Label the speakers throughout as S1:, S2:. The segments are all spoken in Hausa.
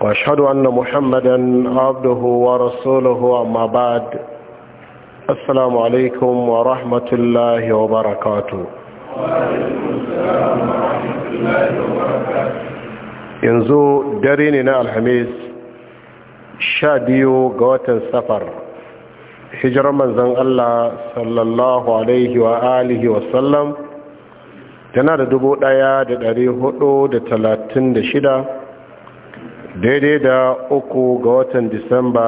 S1: واشهد ان محمدا عبده ورسوله اما بعد السلام عليكم ورحمه الله وبركاته yanzu dare ne na alhamis sha biyu ga watan safar hijirar manzan allah sallallahu alaihi wa alihi wasallam tana da dubu ɗaya da dari hudu da talatin da shida daidai da uku ga watan disamba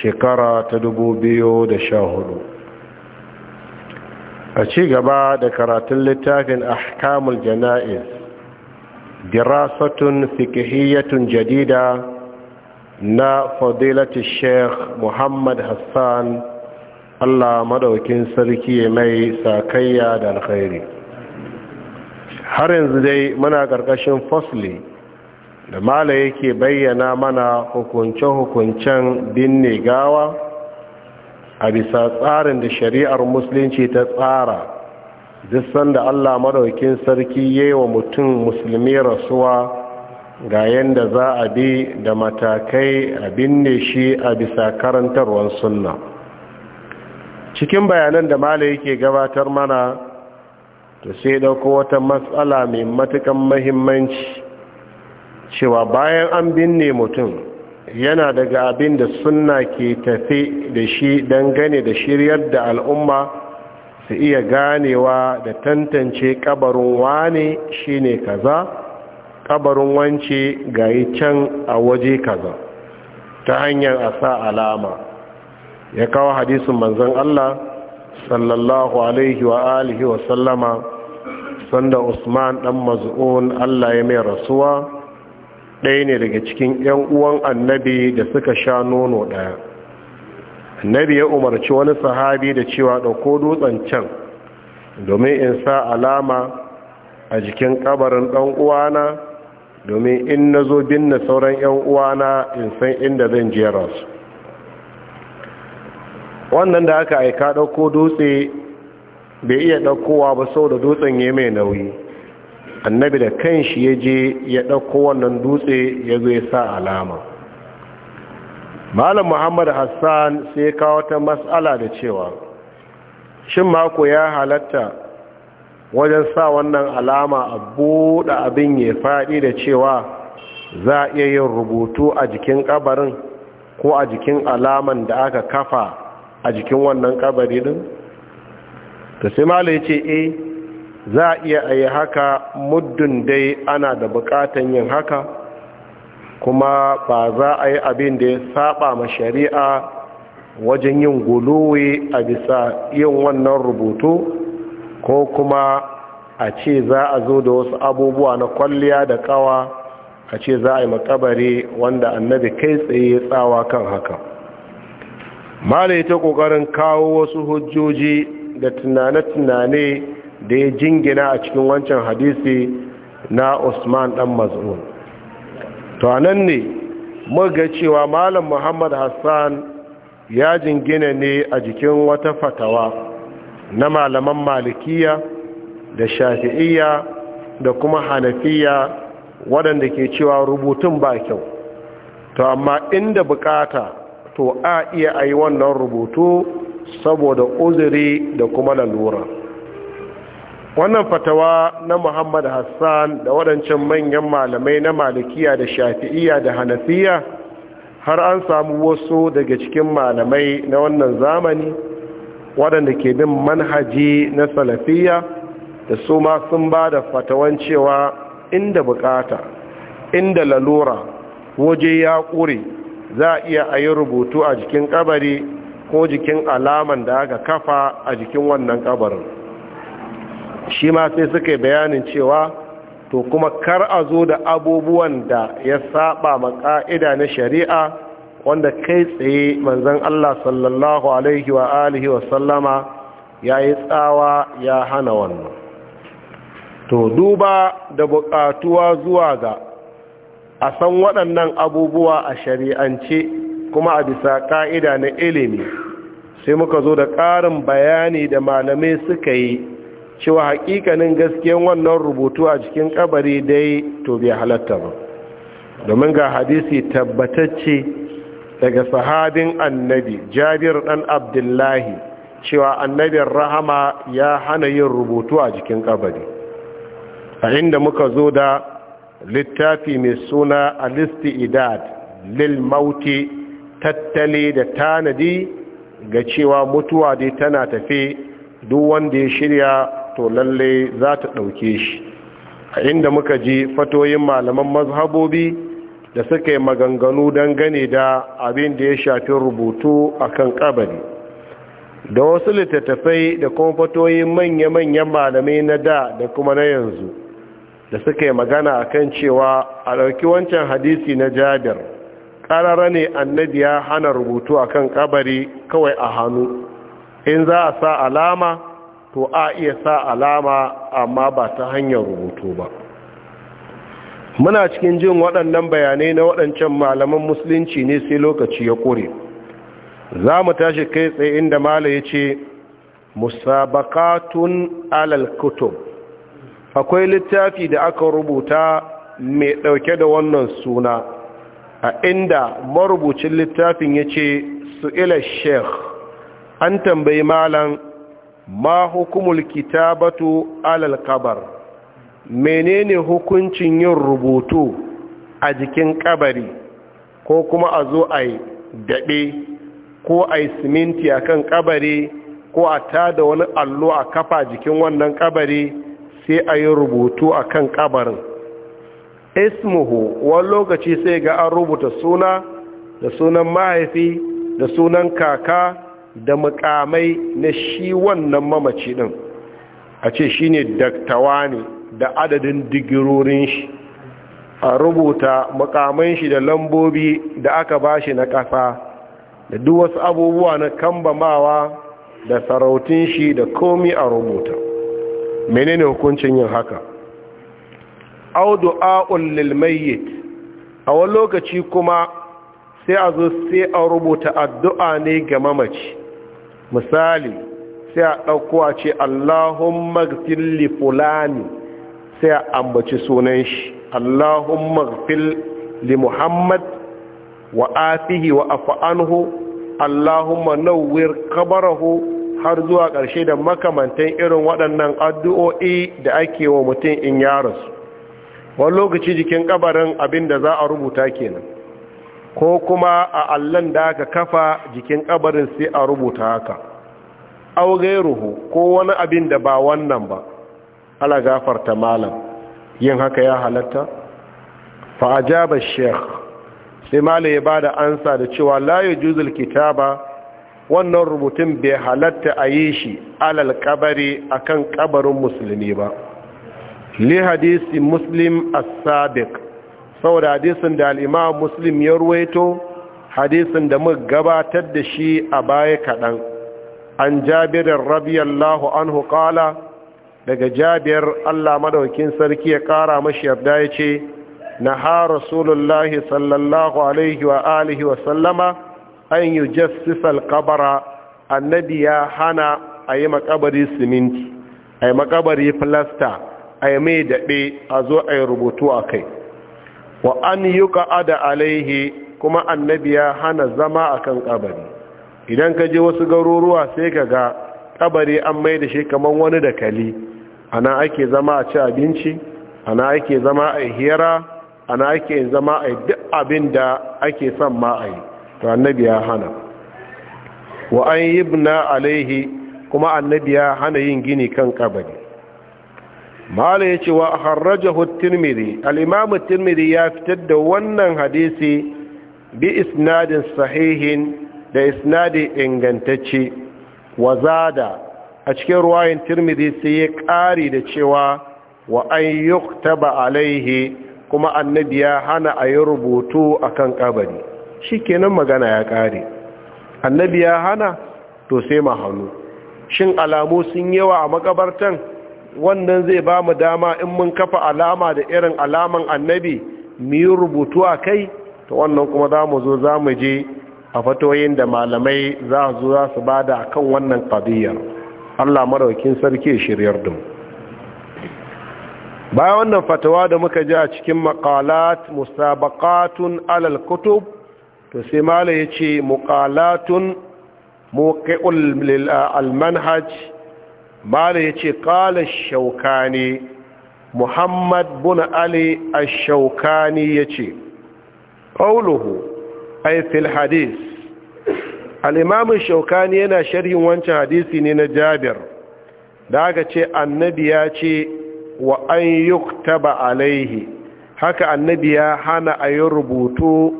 S1: shekara ta dubu biyu da sha hudu a ci gaba da karatun littafin ahkamul jana'iz dirasatun fikihiyyatun jadida na fadilatun sheikh muhammad hassan allah madaukin sarki mai sakayya da alkhairi har yanzu dai muna ƙarƙashin fosli da mala yake bayyana mana hukunce-hukuncen binne gawa a bisa tsarin da shari'ar musulunci ta tsara duk sanda allah maraukin sarki ya yi wa mutum musulmi rasuwa ga yadda za a bi da matakai a binne shi a bisa karantarwar sunna cikin bayanan da mala yake gabatar mana to sai dauko wata matsala mai matukan mahimmanci cewa bayan an binne mutum yana daga abin da suna ke tafe da shi don gane da shiryar da al'umma su iya ganewa da tantance kabarin wane shine kaza kabarin wance yi can a waje kaza ta hanyar a sa alama ya kawo hadisin manzon Allah sallallahu alaihi wa alihi wa sallama sanda Usman ɗan Maz'un Allah ya mai rasuwa ɗaya ne daga cikin 'yan uwan annabi da suka sha nono ɗaya annabi ya umarci wani sahabi da cewa ɗauko dutsen can domin in sa alama a jikin ƙabarin ɗan uwana domin in na zo binne sauran 'yan uwana in san inda zan jera su wannan da aka aika ɗauko dutse bai iya ɗaukowa ba sau da dutsen ya mai nauyi annabi da kanshi ya je ya ɗauko wannan dutse ya zo ya sa alama malam muhammad hassan sai ya kawo ta matsala da cewa shin mako ya halatta wajen sa wannan alama a buɗe abin ya faɗi da cewa za a iya yin rubutu a jikin ƙabarin ko a jikin alaman da aka kafa a jikin wannan ƙabari ɗin? ta sai malam ya ce eh za a iya a yi haka muddin dai ana da bukatan yin haka kuma ba za a yi abin da ya saba ma shari'a wajen yin guluwi a bisa yin wannan rubutu ko kuma a ce za a zo da wasu abubuwa na kwalliya da kawa a ce za a yi makabari wanda annabi kai tsaye tsawa kan haka mala ta kokarin kawo wasu hujjoji da tunane-tunane da ya jingina a cikin wancan hadisi na usman dan mazun to anan ne muga cewa malam muhammad hassan ya jingina ne a jikin wata fatawa na malaman malikiya da shafi'iyya da kuma hanafiya waɗanda ke cewa rubutun ba kyau to amma inda bukata to a iya a yi wannan rubutu saboda uzuri da kuma lalura wannan fatawa na muhammad hassan da waɗancan manyan malamai na malikiya da shafi'iya da hanafiya har an samu wasu daga cikin malamai na wannan zamani waɗanda ke bin manhaji na salafiya da su ma sun ba da fatawan cewa inda bukata inda lalura waje ya ƙure za a iya a yi rubutu a jikin ƙabari ko jikin alaman da aka kafa a jikin wannan ƙabarin. shi ma sai suka yi bayanin cewa to kuma kar a zo da abubuwan da ya saba ma ƙa'ida na shari'a wanda kai tsaye manzon Allah sallallahu alaihi wa alihi wa sallama ya yi tsawa ya hana wannan to duba da buƙatuwa zuwa ga a san waɗannan abubuwa a shari'ance kuma a bisa ƙa'ida na ilimi sai muka zo da ƙarin bayani da malamai suka yi cewa hakikanin gaskiyar wannan rubutu a cikin kabari dai to bai halatta ba domin ga hadisi tabbatacce daga sahabin annabi jabir dan abdullahi cewa annabin rahama ya hana yin rubutu a cikin kabari a inda muka zo da littafi mai suna alisti'idad lil mauti tattali, da tanadi ga cewa mutuwa dai tana tafi duk wanda ya shirya to lalle za ta ɗauke shi a inda muka ji fatoyin malaman mazhabobi da suka yi maganganu don gane da abin da ya shafi rubutu a kan ƙabari da wasu littattafai da kuma fatoyin manya-manyan malamai na da da kuma na yanzu da suka yi magana a kan cewa a ɗauki wancan hadisi na jadar ƙarara ne annabi ya hana rubutu a kan ƙabari kawai a hannu in za a sa alama to a iya sa alama amma ba ta hanyar rubutu ba muna cikin jin waɗannan bayanai na waɗancan malaman musulunci ne sai lokaci ya ƙure za mu tashi kai tsaye inda mala ya ce musabakatun alal kutub akwai littafi da aka rubuta mai ɗauke da wannan suna a inda marubucin littafin ya ce ila sheikh an tambayi malan ma hukumul kitabatu alal kabar menene hukuncin yin rubutu a jikin kabari ko kuma a zo a yi daɓe ko a yi siminti a kan kabari ko a tada wani allo a kafa jikin wannan kabari sai a yi rubutu a kan kabarin ismuhu wani lokaci sai ga an rubuta suna da sunan mahaifi da sunan kaka da mukamai na shi wannan mamaci din a ce shi ne daktawa ne da adadin digirorin shi a rubuta mukamai shi da lambobi da aka ba shi na ƙasa da duk wasu abubuwa na kambamawa da sarautun shi da komi a rubuta menene hukuncin yin haka audu a'ul mayyit a wani lokaci kuma sai a zo sai a rubuta addu'a ne ga mamaci misali sai a ɗauko a ce allahumma gfil li fulani sai a ambaci sunan shi allahumma gfil li muhammad wa afihi wa afa'anhu allahumma nawwir kabarahu har zuwa ƙarshe da makamantan irin waɗannan addu'o'i da ake wa mutum in ya rasu wani lokaci jikin ƙabarin abin da za a rubuta kenan ko kuma a allon da aka kafa jikin kabarin sai a rubuta haka au gairuhu ko wani abin da ba wannan ba ala gafarta malam yin haka ya halatta fa ajaba sheikh sai malam ya bada ansa da cewa la yujuzul kitaba wannan rubutun bai halatta a yi shi alal kabari akan kabarin musulmi ba li hadisi muslim as-sabiq saboda hadisin da al'imam muslim ya ruwaito hadisin da muka gabatar da shi a baya kaɗan an jabirin rabiyallahu anhu ƙala daga jabir allah madaukin sarki ya ƙara mashi yarda ya ce na ha rasulullahi sallallahu alaihi wa alihi wa sallama an yi jassisal kabara annabi ya hana a yi makabari siminti a yi makabari filasta a yi mai daɓe a zo a yi rubutu a kai wa an ada alaihi kuma annabi ya hana zama akan kabari idan ka je wasu garuruwa sai ka ga ƙabari an mai da shi kamar wani da kali ana ake zama a ci abinci ana ake zama a hira ana ake zama a duk abin da ake son ma a yi to annabi hana wa an ibna alaihi kuma annabi ya hana yin gini kan ƙabari. mala ya ce wa harrajahu tirmidhi al-imam tirmidhi ya fitar da wannan hadisi bi isnadin sahihin da isnadi ingantacce wa zada a cikin ruwayin tirmidhi sai ya ƙari da cewa wa an taba alaihi kuma annabi ya hana a yi rubutu akan kabari shikenan magana ya ƙare annabi ya hana to sai shin alamu sun yawa a makabartan wannan zai ba mu dama in mun kafa alama da irin alaman annabi mu yi rubutu a kai ta wannan kuma za mu zo za mu je a fatoyin da malamai za su za su ba da kan wannan ƙadiyyar allah maraukin sarki shiryar dum bayan wannan fatawa da muka ji a cikin makalat musabakatun alal kutub to sai mala ya ce mukalatun muƙi'ul almanhaj bala ya ce shauka shaukani muhammad bin ali a shaukani ya ce ƙauluhu aifil hadis al'imamin shaukani yana sharhin wancan hadisi ne na jabir da aka ce annabi ya ce wa an taba alaihi haka annabi ya hana a yi rubutu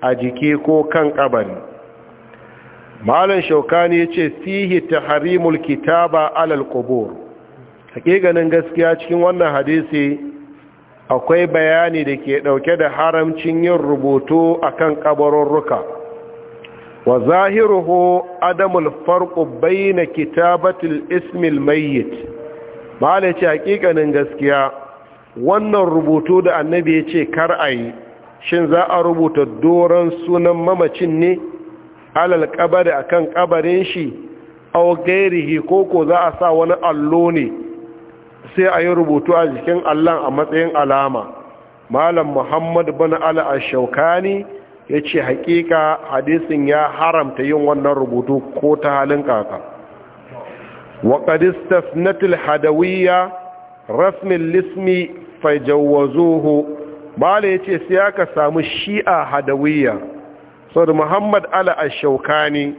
S1: a jiki ko kan ƙabari malam shaukani ya ce fihi tahrimul kitaba alal qubur hakikanin gaskiya cikin wannan hadisi akwai bayani da ke ɗauke da haramcin yin rubutu kan ƙabarurruka. wa zahiruhu adamul farqu bayna kitabatul ismil mayyit malam ce haƙiƙanin gaskiya wannan rubutu da annabi ya ce kar ayi shin za a rubuta doron sunan mamacin ne alal kabari akan kabarin shi aw gairihi koko za a sa wani allo ne sai a yi rubutu a jikin allon a matsayin alama malam muhammad bin ala ashaukani ya ce hakika hadisin ya haramta yin wannan rubutu ko ta halin kaka waƙadistas natil hadawiyya rasmin lismi faijawazuhu bala ya ce sai aka samu shi'a hadawiyya da muhammad ala ashaukani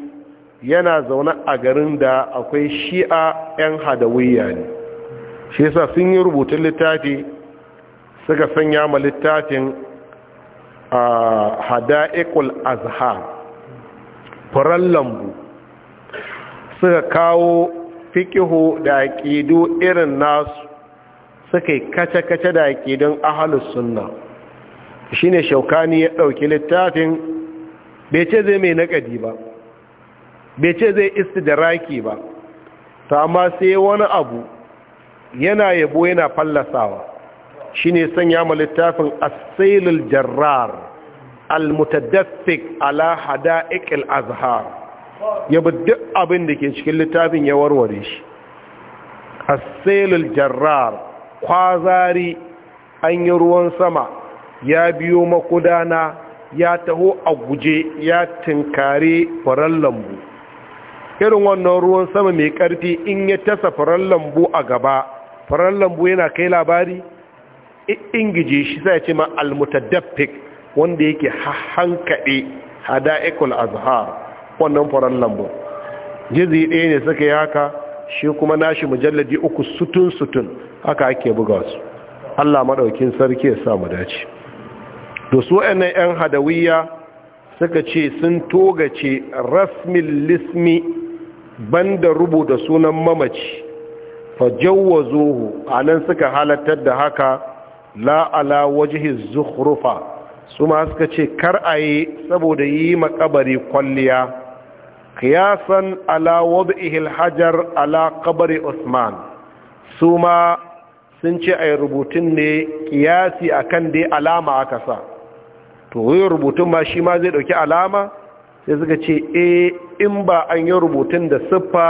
S1: yana zaune a garin da akwai shi'a 'yan hadawiyya ne shi yasa sun yi rubutun littafi suka sanya ma littafin a hada'iqul azhar furen lambu suka kawo fikihu da aƙidu irin nasu suka yi kace-kace da aƙidun ahalus sunna shine shaukani ya ɗauki littafin bai ce zai mai naƙadi ba bai ce zai raki ba ta amma sai wani abu yana yabo yana fallasawa shi ne sanya ma littafin asailul jarrar almutadaffik ala hada'iq al-azhar yabi duk abin da ke cikin littafin ya warware shi asailul jarrar kwazari an yi ruwan sama ya biyo makudana ya taho a guje ya tinkare faran lambu irin wannan ruwan sama mai karfi in ya tasa faran lambu a gaba faran lambu yana kai labari gije shi sai ce ma almutadaffik wanda yake hankaɗe hada'ikul azhar wannan faran lambu jizi ɗaya ne suka yi haka shi kuma nashi mujalladi uku sutun sutun haka ake buga su Allah maɗaukin sarki ya sa mu dace to su wa'annan 'yan hadawiya suka ce sun togace rasmin lismi banda rubuta sunan mamaci a anan suka halattar da haka la'ala ala zuhrufa, su ma suka ce kar a yi saboda yi makabari kwalliya Kiyasan ala wad'ihi hajar ala kabari usman su ma sun ce a yi rubutun ne qiyasi akan dai alama aka sa to wuyin rubutun ma shi ma zai dauki alama sai suka ce e in ba an yi rubutun da siffa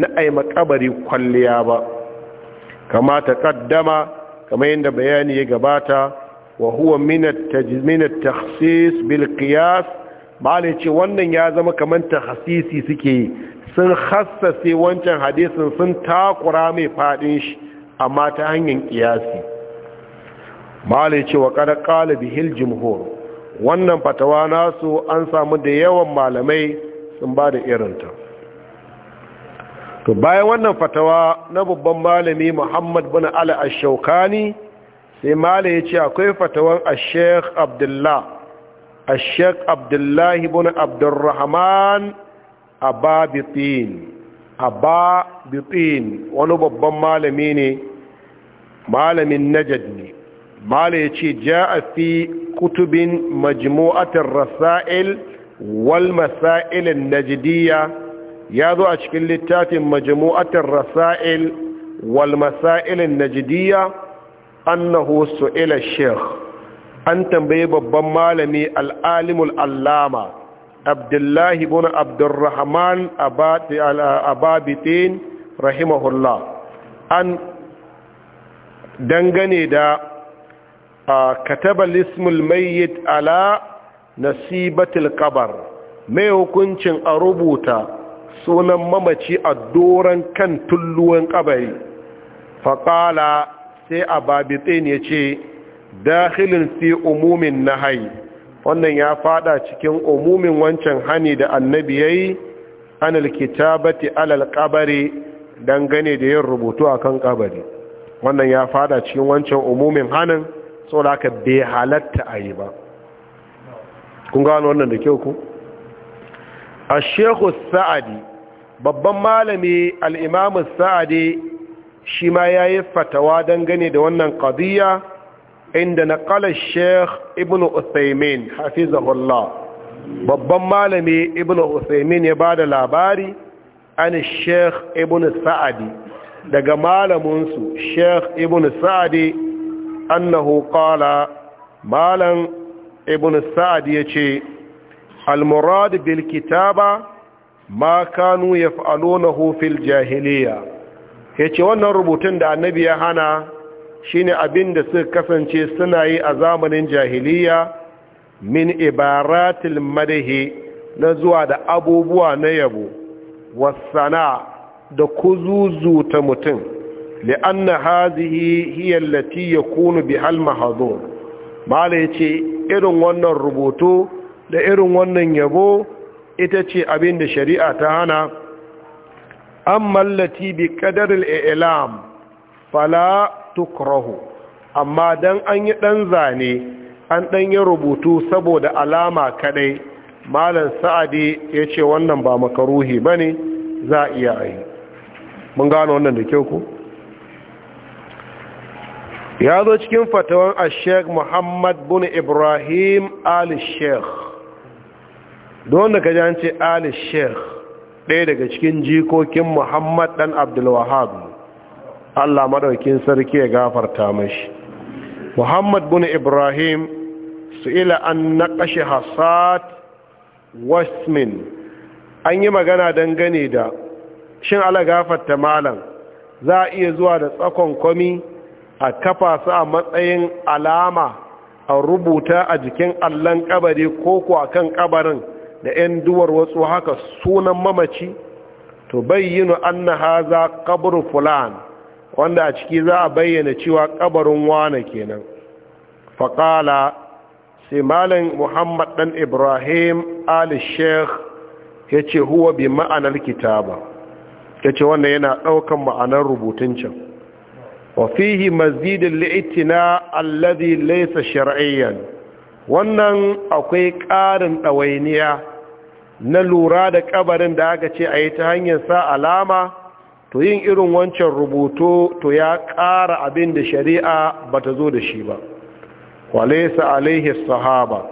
S1: na aima kabari kwalliya ba kamata kaddama kamar yadda bayani ya gabata wa huwa minat takhsis bil qiyas ne ce wannan ya zama kamar takhsisi suke sun hassase wancan hadisin sun takura mai fadin shi amma ta hanyar kiyasi malai ce wa kada qala bihil jumhur wannan fatawa nasu an samu da yawan malamai sun ba da irinta to bayan wannan fatawa na babban malami muhammad bin ala ashaukani sai malai ya ce akwai fatawan ashek abdullah ashek abdullahi bin abdurrahman ababitin wani babban malami ne malamin najad ne mala ya ce ja'a fi kutubin majmu'atar rasa'il wal masailin najidiyya ya zo a cikin littafin majmu'atar rasa'il wal masailin najidiyya annahu su'ila sheikh an tambaye babban malami al'alimul allama abdullahi bin abdurrahman ababitin rahimahullah an dangane da kataba lismul mayyit ala nasibatil qabar mai hukuncin a rubuta sunan mamaci a doron kan tulluwan kabari faƙala sai a babitsin ya ce dakhilin fi umumin nahai wannan ya fada cikin umumin wancan hani da annabi yayi anil kitabati alal qabari dangane da yin rubutu akan kabari wannan ya fada cikin wancan umumin hanin saboda haka bai halatta a yi ba kun gano wannan da kyau ku a shehu sa'adi babban malami al'imamu sa'adi shi ma ya yi fatawa dangane da wannan ƙadiyya inda na ƙalar sheikh ibn usaimin hafizahullah babban malami ibn usaimin ya ba da labari an sheikh ibn sa'adi daga malaminsu sheikh ibn sa'adi annahu qala malam ibn sa'ad yace al-murad bil kitaba ma kanu yaf'alunahu fil jahiliya yace wannan rubutun da annabi ya hana shine abin da suka kasance suna yi a zamanin jahiliya min ibaratil madahi na zuwa da abubuwa na yabo wasana da kuzuzuta mutum li'anna hazihi hiya allati yakunu bihal mahdur mala yace irin wannan rubutu da irin wannan yabo ita ce abin da shari'a ta hana amma allati bi qadaril i'lam fala tukrahu amma dan an yi dan zane an dan yi rubutu saboda alama kadai malam sa'adi yace wannan ba makaruhi bane za iya yi mun gano wannan da kyau ko ya zo cikin fatawan ashek muhammad bin ibrahim al-sheikh don da ka jance al-sheikh ɗaya daga cikin jikokin muhammad ɗan abdulwahab allah maɗaukin sarki ya gafarta mashi muhammad bin ibrahim su ila an naƙashi hassad westmin an yi magana dangane da shin ala gafarta malam za a iya zuwa da tsakon kwami a kafa su a matsayin alama a rubuta a jikin allon kabari ko kuwa kan kabarin da 'yan duwar wasu haka sunan mamaci to bayyana anna haza qabru fulan wanda a ciki za a bayyana cewa kabarin wane kenan faƙala simalin muhammad dan ibrahim ali sheikh ce huwa bi ma'anar kitaba yace wannan yana ɗaukar ma'anar rubutun can wafihi مزيد li'itina الذي ليس شرعيا wannan akwai ƙarin ɗawainiya na lura da ƙabarin da aka ce a yi ta hanyar sa alama to yin irin wancan rubutu to ya ƙara abin da shari'a ba ta zo da shi ba walaisa alaihi sahaba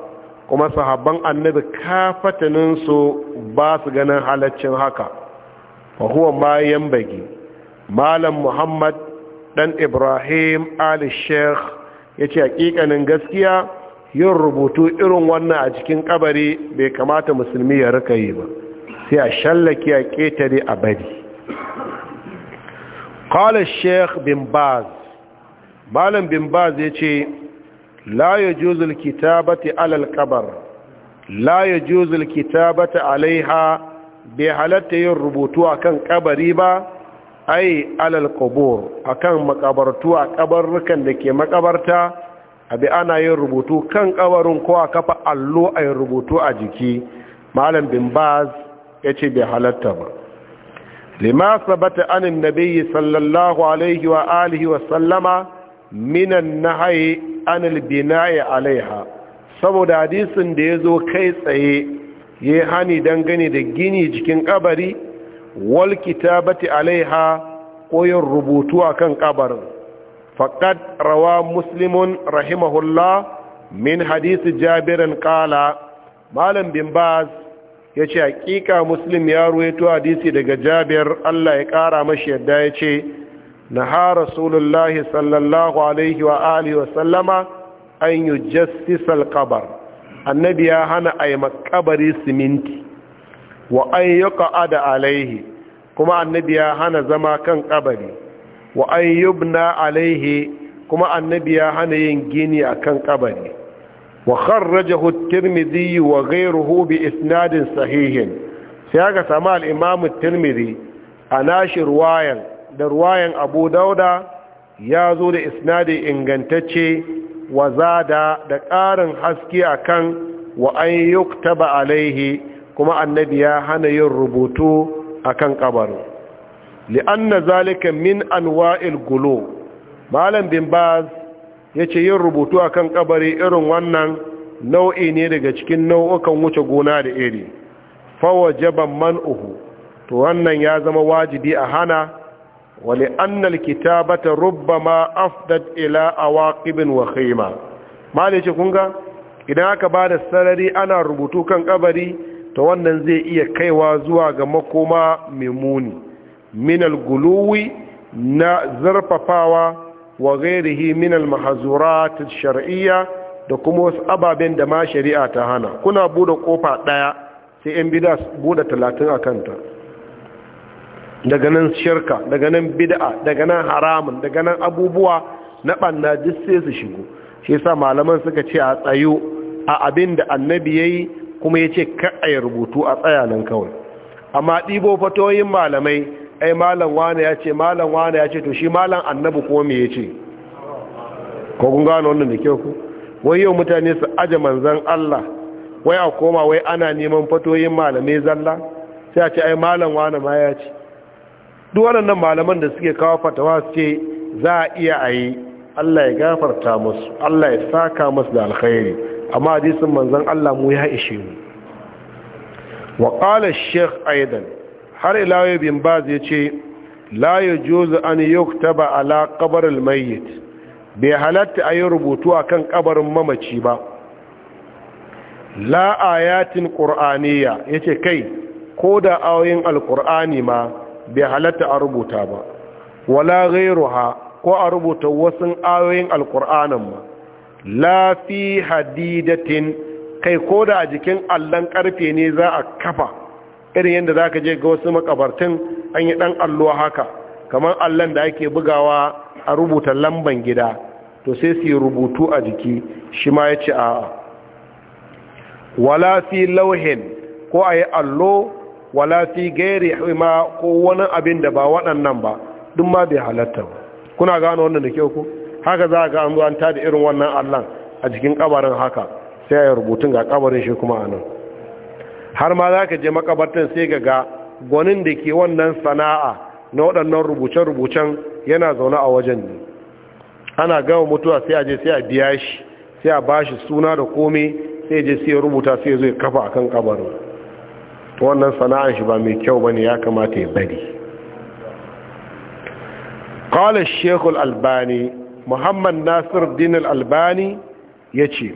S1: kuma sahabban annabi kafataninsu ba su ganin halaccin haka fa huwa bayan bagi malam muhammad dan ibrahim ali sheikh ya ce hakikanin gaskiya yin rubutu irin wannan a cikin kabari bai kamata musulmi ya rika yi ba sai a shallaki a ketare a bari qala bin baz malam bin baz ya ce la yajuzu kitabati ala alqabr la yajuzu alkitabati alaiha bai halatta yin rubutu akan kabari ba ai alal qubur akan makabartu a kabarrukan da ke makabarta abi ana yin rubutu kan kabarin ko a kafa allo a yin rubutu a jiki malam bin baz yace bai halatta ba lima sabata anin nabiyyi sallallahu alaihi wa alihi wa sallama minan nahyi anil bina'i alaiha saboda hadisin da yazo kai tsaye yayi hani dangane da gini jikin kabari wal kitabati alaiha koyon yin rubutu kan kabarin faƙad rawa muslimun rahimahullah min hadisi jabirin ƙala. malam bin baz ce hakika muslim ya ruwaito hadisi daga jabir Allah ya ƙara mashi yadda ya ce. Na ha rasulullahi sallallahu alaihi wa alihi wa sallama an yujassisa ƙabar. annabi ya hana a yi makabari siminti wa an ka'ada alaihi kuma annabi ya hana zama kan kabari wa an yubna alaihe kuma annabi ya hana yin gini akan kabari wa kharrajahu tirmidhi wa ghayruhu bi isnadin sahihin sai ga sama al-imam at-tirmidhi ruwayan da ruwayan abu dauda ya zo da isnadi ingantacce wa zada da ƙarin haske akan wa an yuktaba alaihi kuma annabi ya hana yin rubutu akan kabarin li'anna zalika min anwa'il gulo malam bin baz yace yin rubutu akan kabari irin wannan nau'i ne daga cikin nau'ukan wuce gona da iri fawajaban man'uhu to wannan ya zama wajibi a hana wa li'annal kitabata rubbama afdat ila awaqibin wa khayma malam ce kunga idan aka bada sarari ana rubutu kan kabari ta wannan zai iya kaiwa zuwa ga makoma mai muni minal guluwi na zarfafawa wa gairihi minal mahazurat shar'iyya da kuma wasu ababen da ma shari'a ta hana kuna bude kofa daya sai yan bida bude talatin a kanta daga nan shirka daga nan bid'a daga nan haramun daga nan abubuwa na ɓanna duk sai su shigo shi yasa malaman suka ce a tsayo a abin da annabi yi. kuma ya ce ka'ayi rubutu a nan kawai amma ɗibo fatoyin malamai ai malam wane ya ce malam wane ya ce to shi malam annabi kuma me ya ce ko kun gano wannan da kyau ku wai yau mutane su aje manzan Allah wai a koma wai ana neman fatoyin malamai zalla sai a ce ai malam wane ma ya ce duk waɗannan malaman da suke kawo fatawa su ce za a iya a yi Allah ya gafarta musu Allah ya saka musu da alkhairi amma hadisin manzon Allah mu ya ishe mu wa qala ash-shaykh aidan har ila ya bin baz ce la yajuzu an yuktaba ala qabr al-mayyit bai halatta ay rubutu akan kabarin mamaci ba la ayatin qur'aniyya yace kai ko da ayoyin qurani ma bai halatta a rubuta ba wala ghayruha ko a rubuta wasu ayoyin alqur'anin ma Lafi hadidatin kai ko da a jikin allon karfe ne za a kafa irin yadda za ka je ga wasu makabartun an yi ɗan allo haka kamar allon da ake bugawa a rubuta lamban gida to sai su yi rubutu a jiki shi ma ya ce a wala fi lauhin ko a yi allo wala fi gairi ma ko wani abin da ba waɗannan ba duk ma bai halatta ba kuna gano wannan da kyau ku haka za ga an zo an tada irin wannan allan a cikin kabarin haka sai ya rubutun ga kabarin shi kuma anan har ma za ka je makabartan sai ga ga gwanin da ke wannan sana'a na waɗannan rubuce-rubucen yana zaune a wajen ne ana gama mutuwa sai a je sai a biya shi sai a ba shi suna da komai sai je sai rubuta sai zai kafa a akan kabarin wannan sana'an shi ba mai kyau ba ne ya kamata ya bari qala shekul albani muhammad nasir din albani ya ce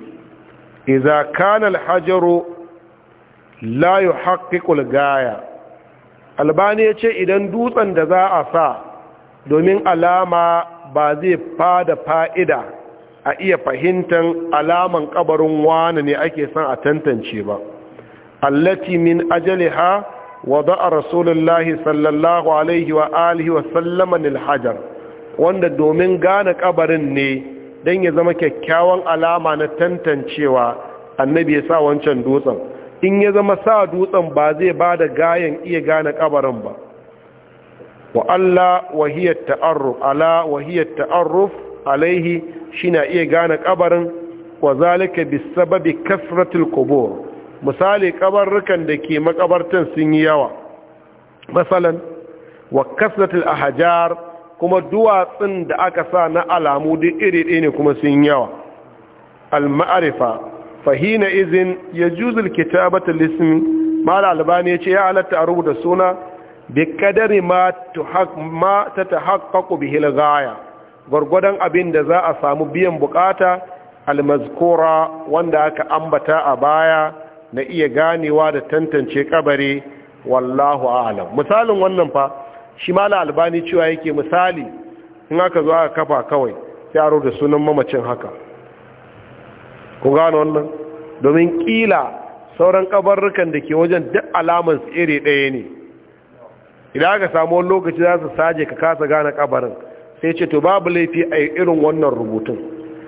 S1: iza kana alhajaru la yuhaqqiqul gaya albani ya ce idan dutsen da za a sa domin alama ba zai fada fa'ida a iya fahimtar alaman ƙabarin wani ne ake son a tantance ba allati min ajaliha wada a rasulullahi sallallahu alaihi wa alihi wa sallaman alhajar wanda domin gane kabarin ne don ya zama kyakkyawan alama na tantancewa annabi ya sa wancan dutsen in ya zama sa dutsen ba zai ba da gayan iya gane kabarin ba wa Allah wahiyar ta'arruf ala wahiyar ta'arruf alaihi shi na iya gane kabarin wa zalika bi sababi kasratul kubur misali kabarrukan da ke makabartan sun yi yawa masalan wa kasratul ahjar kuma duwatsun da aka sa na alamu duk iri ɗaya ne kuma sun yawa al-ma'arifa fahina izin ya juzul kitabatul ismi mala albani ya ce ya halatta a rubuta suna bi kadari ma ta tahaqqaqu bihi bi hilgaya Gwargwadon abin da za a samu biyan bukata al wanda aka ambata a baya na iya ganewa da tantance kabari wallahu a'alam misalin wannan fa shi ma na albani cewa yake misali in aka zo aka kafa kawai yaro da sunan mamacin haka ku gano wannan domin kila sauran kabarrukan da ke wajen duk alaman su iri ɗaya ne idan aka samu wani lokaci za su saje ka kasa gane kabarin sai ce to babu laifi a irin wannan rubutun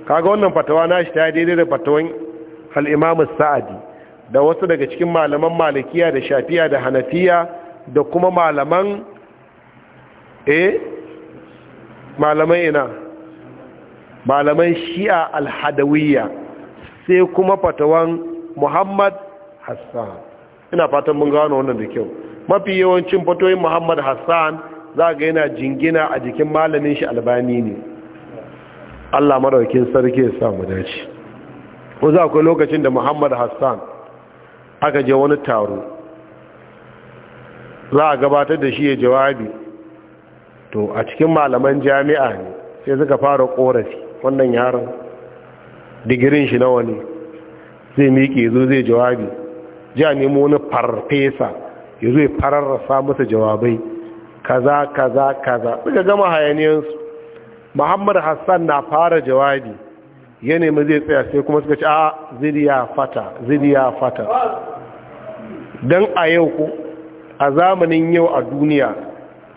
S1: kaga wannan fatawa na shi ta daidai da fatawan al'imamin sa'adi da wasu daga cikin malaman malakiya da shafiya da hanafiya da kuma malaman eh malamai ina malamai shi'a alhadawiyya sai kuma fatawan muhammad hassan ina fatan mun gano wannan da kyau mafi yawancin fatoyin muhammad hassan za ga yana jingina a jikin malamin shi albani ne allah maraukin sarki ya samu dace ko za akwai lokacin da muhammad hassan aka je wani taro za a gabatar da shi ya jawabi to a cikin malaman jami'a ne sai suka fara korafi wannan yaron digirin shi nawa ne zai miƙe zo zai jawabi ja nemo wani farfesa ya zo ya fararrasa masa jawabai kaza kaza kaza suka gama hayaniyarsu Muhammadu hassan na fara jawabi ya nemi zai tsaya sai kuma suka ci a ziriya fata ziriya fata don a yau ko a zamanin yau a duniya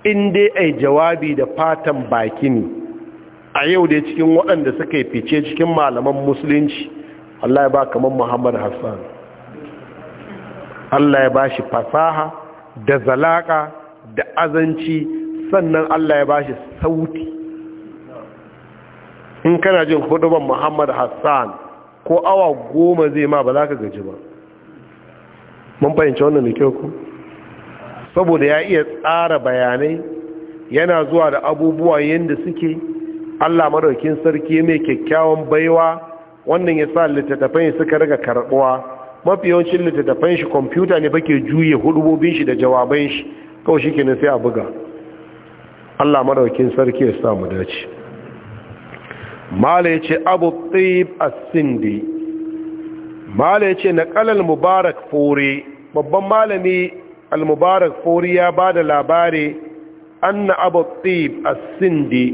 S1: in dai ayi jawabi da fatan baki ne a yau dai cikin waɗanda suka yi fice cikin malaman musulunci Allah ya ba kamar Muhammad Hassan Allah ya ba shi fasaha da zalaka da azanci sannan Allah ya ba shi sauti in kana jin hudubar Muhammad Hassan ko awa goma zai ma ba za ka gaji ba mun fahimci wannan da kyau kuma saboda ya iya tsara bayanai yana zuwa da abubuwa yadda suke allah maraukin sarki mai kyakkyawan baiwa wannan ya sa littattafan suka riga karbuwa mafi yawancin littattafan shi kwamfuta ne bake juye hudubobin shi da jawaban shi kawai shi kenan sai a buga allah maraukin sarki ya samu dace mala ya ce abu tsib a sindi mala ya ce na kalal mubarak fure babban malami al-mubarak fori ya ba da labari anna abu tsib as-sindi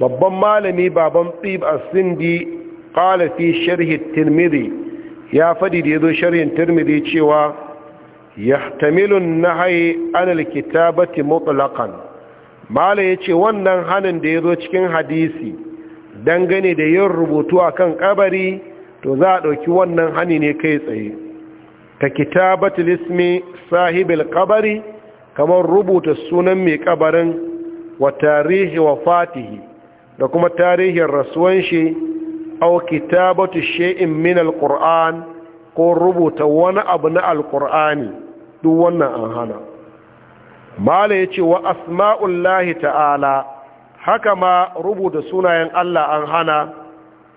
S1: babban malami baban tsib a sindi ƙalafi fi sharhi ya faɗi da yazo sharhin tirmidhi cewa yahtamilu an-nahy an al-kitabati mutlaqan ya yace wannan hanin da ya zo cikin hadisi dangane da yin rubutu a kan ƙabari, to za a ɗauki wannan hannu ne kai tsaye ka kitabatul ismi sahibil kabari kamar rubuta sunan mai kabarin wa tarihi wa fatihi da kuma tarihin rasuwan shi au kitabatu shay'in min alquran ko rubuta wani abu na alqur'ani duk wannan an hana mala yace wa asma'ullahi ta'ala haka ma rubuta sunayen Allah an hana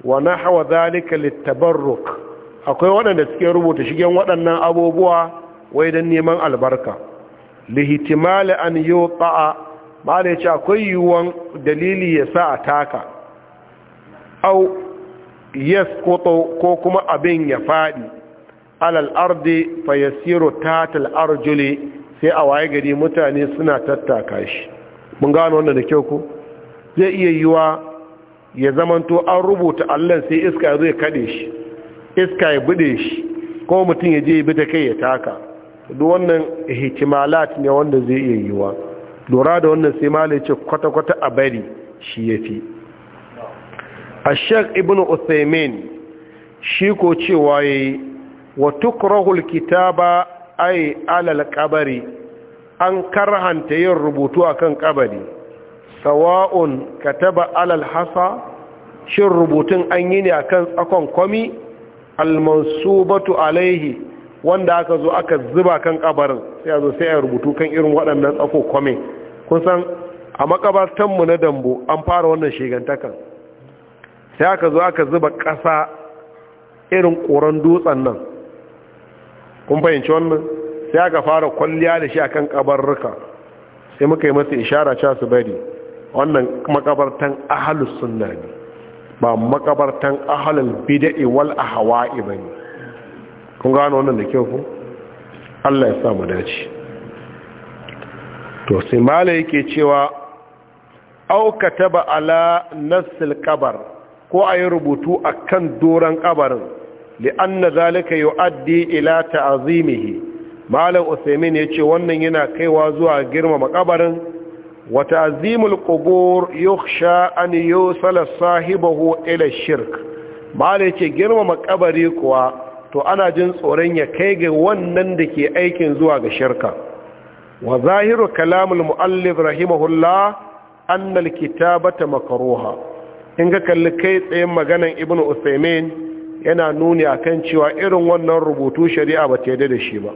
S1: wa nahwa dhalika littabarruk akwai waɗanda suke rubuta shigen waɗannan abubuwa wai don neman albarka lihitimali an yi ƙa'a ba da ya akwai yiwuwan dalili ya sa a taka au yes ko kuma abin ya faɗi alal ardi fa tatal sai a waye gari mutane suna tattaka shi mun gano wanda da kyau ku zai iya yiwuwa ya zamanto an rubuta allon sai iska zai zo kade shi iska ya bude shi ko mutum ya je ya bi ta kai ya taka duk wannan hikimalat ne wanda zai iya yiwa lura da wannan sai malai ce kwata-kwata a bari shi ya fi a shek ibn uthaymeen shi ko cewa yayi wa tukrahul kitaba ala alal kabari an karhanta yin rubutu akan kabari sawa'un kataba alal hasa shin rubutun an yi ne akan tsakon komi almansubatu alaihi wanda aka zo aka zuba kan kabarin sai a zo sai a rubutu kan irin waɗannan tsako kwame kun san a makabartanmu na dambo an fara wannan shigantakan sai aka zo aka zuba ƙasa irin ƙoron dutsen nan kun fahimci wannan sai aka fara kwalliya da shi a kan kabarruka sai muka yi masa ishara ca su bari wannan makabartan ahalus sunna ne ba makabartan ahalin bid'i wal ba ne kun gano wannan da kyau ku? Allah ya sa dace to sai mala yake cewa au kataba ala nassil kabar ko a yi rubutu a kan doron kabarin li'anna zalika yu'addi ila ta'zimihi malam usaimin ce wannan yana kaiwa zuwa girmama ƙabarin. وتعظيم القبور يخشى yukhsha يوصل صاحبه sahibahu الشرك shirk جرم ce girmama kabari kuwa to ana jin tsoron ya kai ga wannan da ke aikin zuwa ga shirka wa zahiru kalamul muallif rahimahullah anna kitabata makruha in ga kalli kai tsayin maganan ibnu usaymin yana nuni akan cewa irin wannan rubutu shari'a ba ta yadda da shi ba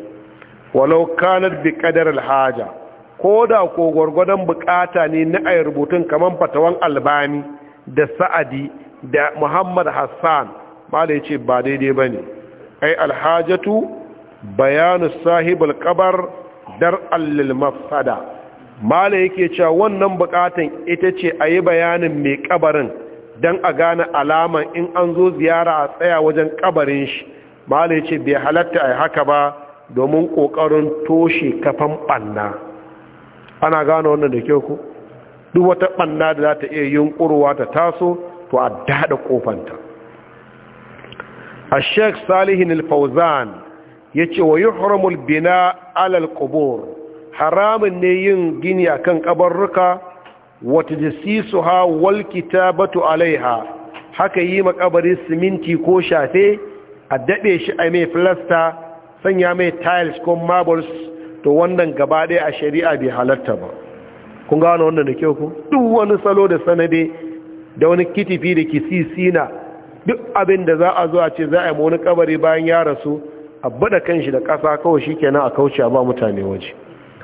S1: walau kanat bi qadar haja ko da ko gwargwadon bukata ne na a rubutun kamar fatawan albani da sa'adi da muhammad hassan da ya ce ba daidai ba ne ai alhajatu bayanu sahibul kabar dar allil mafsada mala yake cewa wannan bukatan ita ce a yi bayanin mai kabarin don a gane alaman in an zo ziyara a tsaya wajen kabarin shi mala ya ce bai halatta a haka ba domin ƙoƙarin toshe kafan ɓanna ana gano wannan da kyau ku duk wata ɓanna da za ta iya yunkurwa ta taso to a daɗa ƙofanta a sheikh salihin alfauzan ya ce wa yi haramul bina alal kubur haramun ne yin gini a kan ƙabarruka wata jisisu ha walkita batu alaiha haka yi makabari siminti ko shafe a daɗe shi a mai filasta sanya mai tiles ko marbles to wannan gaba ɗaya a shari'a bai halarta ba kun gano wannan da kyau ku duk wani salo da sanade da wani kitifi da kisisina duk abin da za a zo a ce za a yi wani kabari bayan ya rasu a bada kanshi da kasa kawai shikenan a kauce ba mutane waje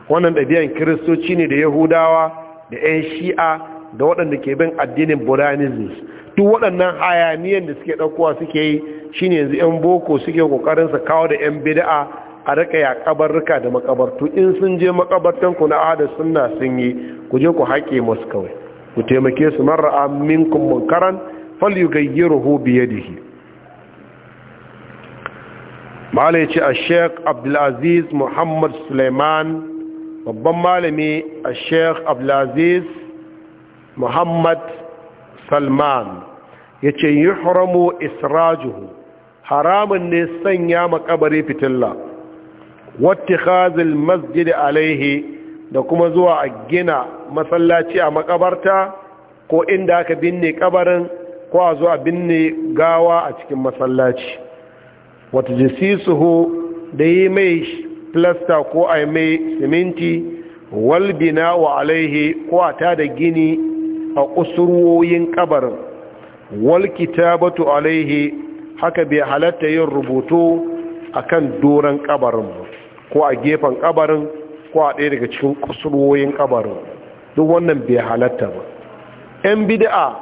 S1: wannan ɗabi'an kiristoci ne da yahudawa da 'yan shi'a da waɗanda ke bin addinin buddhism duk waɗannan hayaniyan da suke ɗaukowa suke yi shine yanzu 'yan boko suke ƙoƙarin sa kawo da 'yan bida'a a rika ya kabarruka da makabartu in sun je makabartan ku na adar sunna sun yi ku je ku haƙe musu kawai ku taimake su mara marra aminkum munkaran biye bi yadihi mala ce a sheikh abdulaziz muhammad suleiman babban malami a sheikh abdulaziz muhammad salman ya ce yace yuhramu israjuhu haramun ne sanya makabari fitilla wattikhazil masjid alaihi da kuma zuwa a gina masallaci a makabarta ko inda aka binne kabarin ko a zuwa binne gawa a cikin masallaci wata suhu da yi mai plasta ko a mai siminti walbina wa alaihi ko a ta da gini a kusurwoyin kabarin batu alaihi haka bai halatta yin rubutu akan doron ƙabarin. ko a gefen kabarin ko a ɗaya daga cikin kusurwoyin kabarin duk wannan bai halatta ba 'yan bid'a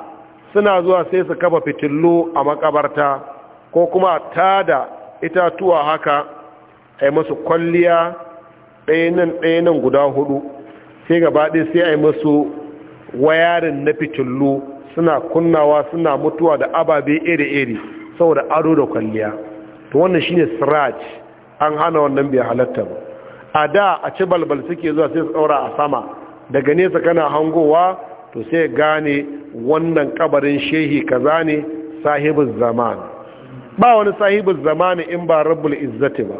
S1: suna zuwa sai su kafa fitillo a makabarta ko kuma tada itatuwa haka a yi masu kwalliya ɗaya nan guda hudu sai gabaɗe sai a yi masu wayarin na fitillo suna kunnawa suna mutuwa da ababe iri-iri saboda ado da kwalliya to wannan shine siraj an hana wannan bai halatta ba a da a ci balbal suke zuwa sai su tsaura a sama daga nesa kana hangowa to sai gane wannan kabarin shehi kaza ne sahibin zaman ba wani sahibin zamani in ba rabbul izzati ba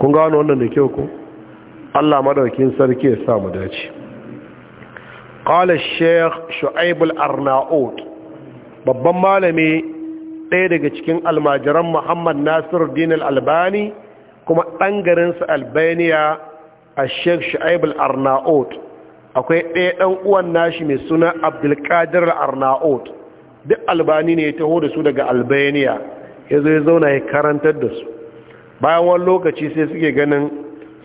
S1: kun gano wannan da kyau ku. Allah madaukin sarki ya sa mu dace qala shaykh shu'aib al-arnaut babban malami ɗaya daga cikin almajiran muhammad nasiru dinar albani kuma ɗan garinsa albaniya a sheikh shu'aib al'arnaut akwai ɗaya ɗan uwan nashi mai suna abdulkadir arnaut duk albani ne ya taho da su daga albaniya ya zo ya zauna ya karantar da su bayan wani lokaci sai suke ganin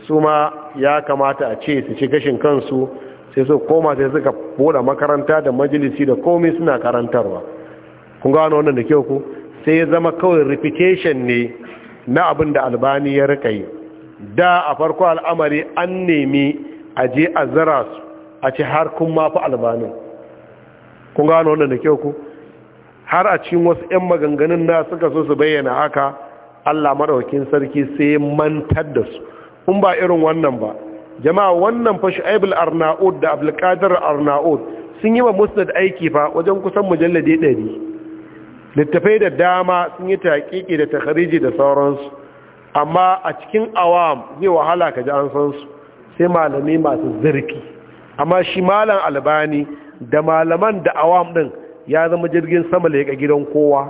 S1: su ma ya kamata a ce su ci gashin kansu sai su koma sai suka bude makaranta da majalisi da komai suna karantarwa kun gano wannan da kyau ku sai ya zama kawai repetition ne na abin da albani ya rika yi da a farko al'amari an nemi a je a zara su a ci har kun mafi albanin kun gano wannan da kyau ku har a cikin wasu 'yan maganganun na suka so su bayyana haka allah maɗaukin sarki sai mantar da su Kun ba irin wannan ba jama'a wannan fa aibul arnaud da abdulkadir arnaud sun yi wa musnad aiki fa wajen kusan mujallade 100 littafai da dama sun yi taƙiƙi da takariji da sauransu amma a cikin awam zai wahala ka ji an san sai malami masu zirki amma shi malam albani da malaman da awam ɗin ya zama jirgin sama da leƙa gidan kowa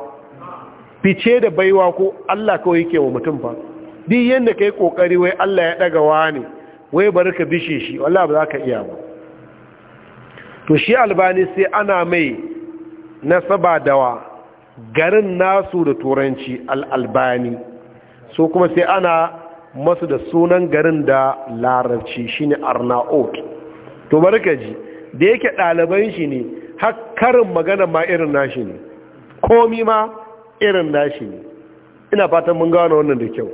S1: fice da baiwa ko allah kawai yake wa mutum fa duk yadda ka yi ƙoƙari wai allah ya ɗagawa ne wai bari ka bishe shi wallah ba za ka iya ba to shi albani sai ana mai nasaba dawa garin nasu da turanci al'albani su kuma sai ana masu da sunan garin da larabci shine arnaut to ji, da yake ɗaliban shi ne hakkarin magana ma irin nashi ne komi ma irin nashi ne ina fatan mun gano wannan da kyau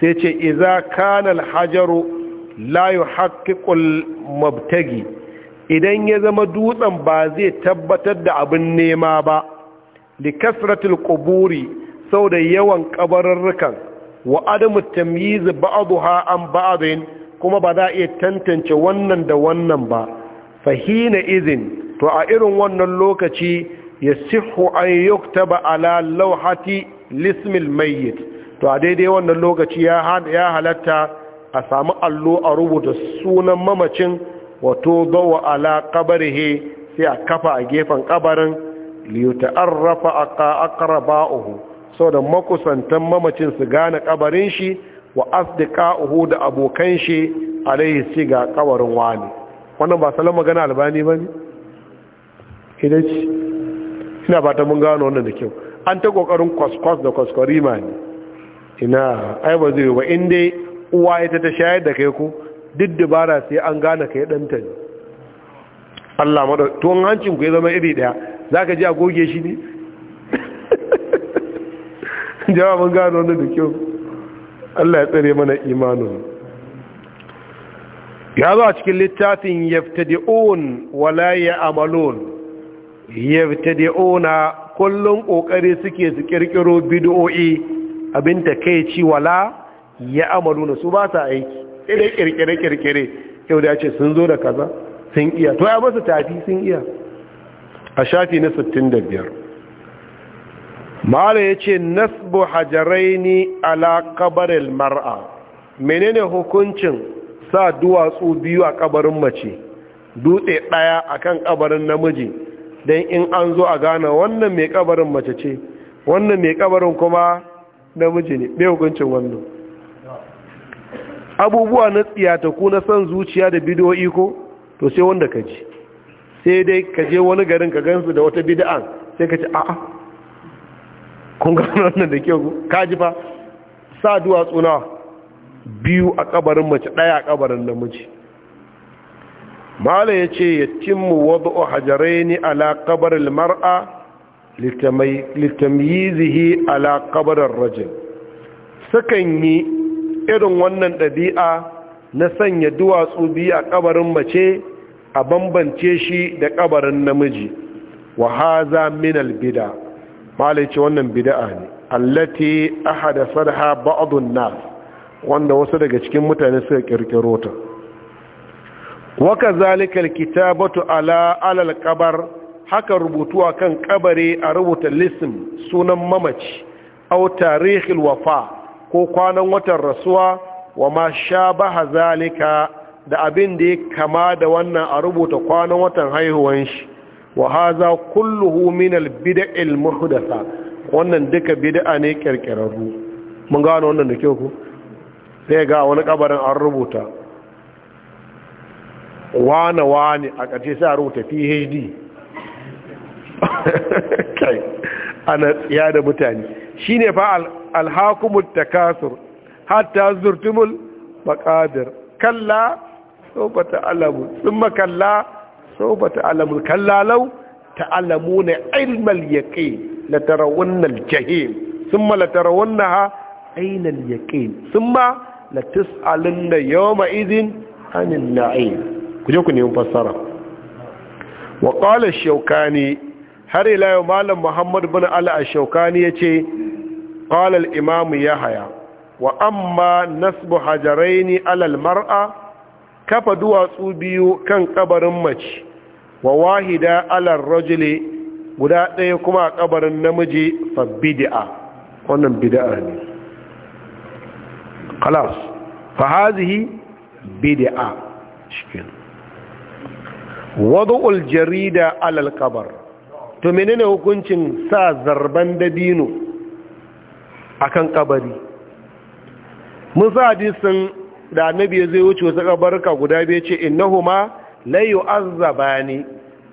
S1: sai ce iza kanal hajaru layu haƙiƙul mabtagi idan ya zama dutsen ba zai tabbatar da abin nema ba li ƙuburi sau da yawan ƙabararrukan, wa adamu tamyiz ba'daha an ba'din kuma ba za a iya tantance wannan da wannan ba fahina izin to a irin wannan lokaci yasihu an yuktaba ala lawhati lismil mayyit to a daidai wannan lokaci ya halatta a samu allo a rubuta sunan mamacin wato dawa ala kabarihe sai a kafa a gefen kabarin liyuta'arrafa aqraba'uhu saboda makusantan mamacin su gane kabarin shi wa uhu da abokan shi alaihi siga kabarin wani wannan ba salama magana albani ne? idan ci ina ta mun gano wannan da kyau an ta kokarin kwaskwas da kwaskwarima ne ina ai ba zai ba inda uwa ita ta shayar da kai ko duk dubara sai an gane kai danta ne Allah mada tuwon hancin ku ya zama iri daya za ka ji a goge shi ne jawabin gano wanda da kyau Allah ya tsare mana imanin ya zo a cikin littafin yaftadi'un wala ya amalon yaftadi'una kullum kokari suke su kirkiro bid'o'i abin ta kai ci wala ya amaluna su ba sa aiki idan kirkire kirkire yau da ce sun zo da kaza sun iya to ya masa tafi sun iya a shafi na 65 ma'ala ya ce nasbu ni ala kabarin mar'a menene hukuncin sa duwatsu biyu a kabarin mace dutse ɗaya akan kabarin namiji don in an zo a gane wannan mai kabarin mace ce wannan mai kabarin kuma namiji ne mai hukuncin wannan abubuwa na tsiyataku na son zuciya da bidiyo iko to sai wanda ka ji sai dai ka je wani garin ka gansu da wata bid'an sai ka ce a'a kun ga wannan da kyau ka ji fa sa duwatsu tsuna biyu a kabarin mace daya a kabarin namiji malam yace yatimmu wad'u hajaraini ala qabr almar'a mara litamyizihi ala qabr rajul sakan yi irin wannan dabi'a na sanya duwatsu biyu a kabarin mace a bambance shi da kabarin namiji wa haza min albida malai wannan bida'a ne allati ahadathaha ba'dun nas wanda wasu daga cikin mutane suka kirkiro ta wa kazalika alkitabatu ala alal qabar haka rubutu akan kabare a rubuta lism sunan mamaci au tarihil wafa ko kwanan watan rasuwa wa ma shabaha zalika da abin da ya kama da wannan a rubuta kwanan watan haihuwan shi wa haza kulluhu min albid'il muhdatha wannan duka bid'a ne kirkirarru mun gano wannan da kyau ku sai ga wani kabarin an rubuta wane wane a ƙarshe sai a rubuta PhD kai ana tsiya da mutane shine fa alhakumut takasur hatta zurtumul maqadir kalla sofa ta’alamu sun makalla ta’alamu kallalau ta’alamu ne na tarawunan jahim sun ma tarawunan ha ainihin yaƙe sun ma la tis'alin na yau ma’izin hannun ku je ku neman fassara wa shaukani har ilayu malam muhammadu bin ala'a shaukani ya ce ƙwalar imamu ya haya wa amma nasbu hajjarai ni alal mar'a kafa duwatsu biyu kan kabarin mace wa wahida alar rajuli guda ɗaya kuma a kabarin namiji fa bid'a wannan bid'a ne خلاص فهذه بدعة شكل وضع الجريدة على to menene hukuncin sa zarban dabino akan kabari mun sa hadisin da annabi ya zai wuce wasu kabarka guda biyu ce innahuma la yu'azzabani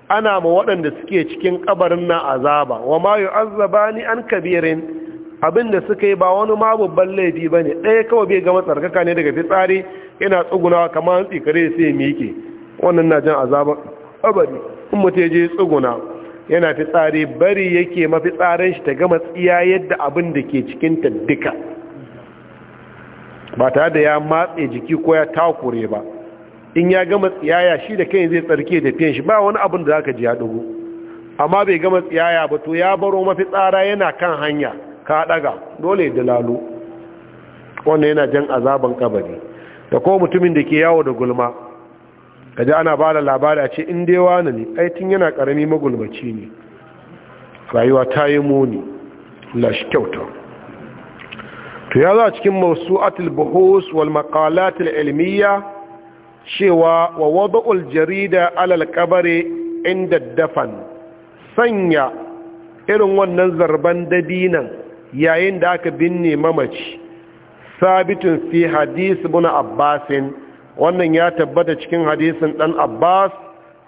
S1: ana ma waɗanda suke cikin ƙabarin na azaba wa ma ni an kabirin abinda suka yi ba wani ma babban laifi bane ɗaya kawai bai gama tsarkaka ne daga fitsari yana tsugunawa kamar an tsikare sai miƙe wannan na jan azaban abadi in mutum ya je tsuguna yana fitsari bari yake mafi tsarin shi ta gama tsiya yadda abin da ke cikin ta duka ba tare da ya matse jiki ko ya takure ba in ya gama tsiyaya shi da kai zai tsarki da fiye shi ba wani abin da zaka ji ya dugo amma bai gama tsiyaya ba to ya baro mafi tsara yana kan hanya ka daga dole da lalo wannan yana jan azaban kabari da ko mutumin da ke yawo da gulma Ka ji ana bada labari a ce in dai wani ne ai tun yana karami magulmaci ne rayuwa ta yi muni lashi kyautar. to ya zo cikin mawsu'atul buhus wal maqalatul ilmiya cewa wa wada'ul jarida alal qabri inda dafan sanya irin wannan zarban dabinan yayin da aka binne mamaci sabitin fi hadisi buna abbasin wannan ya tabbata cikin hadisin dan abbas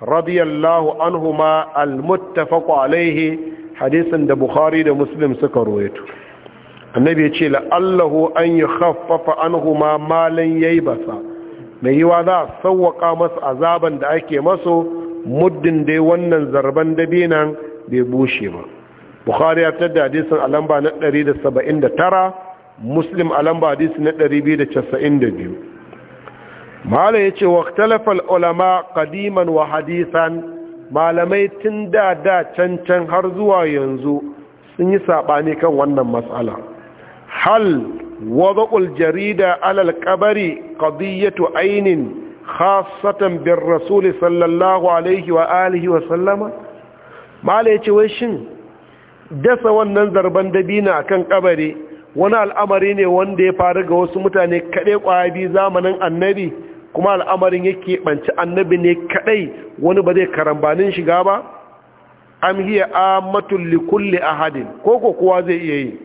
S1: radiyallahu anhuma al-muttafaq alaihi hadisin da bukhari da muslim suka rawaito annabi ya ce la'allahu an yi haffafa an huma malin ya yi basa mai yiwa za a sauwaƙa masu azaban da ake maso muddin dai wannan zarban dabinan bai bushe ba bukhari ya tadda hadisin a lamba na 179 muslim a lamba na 292 mala ya ce waktalafal ulama kadiman wa hadisan malamai tun da da can can har zuwa yanzu sun yi saɓani kan wannan matsala hal wada'ul jarida alal kabari qadiyatu ainin khasatan bin rasuli sallallahu alaihi wa alihi wa sallama mala ya ce wai shin dasa wannan zarban dabina akan kabari wani al'amari ne wanda ya faru ga wasu mutane kaɗai ƙwabi zamanin annabi kuma al'amarin yake ɓanci annabi ne kaɗai wani ba zai karambanin shiga ba am hiya amatul li ahadin koko kowa zai iya yi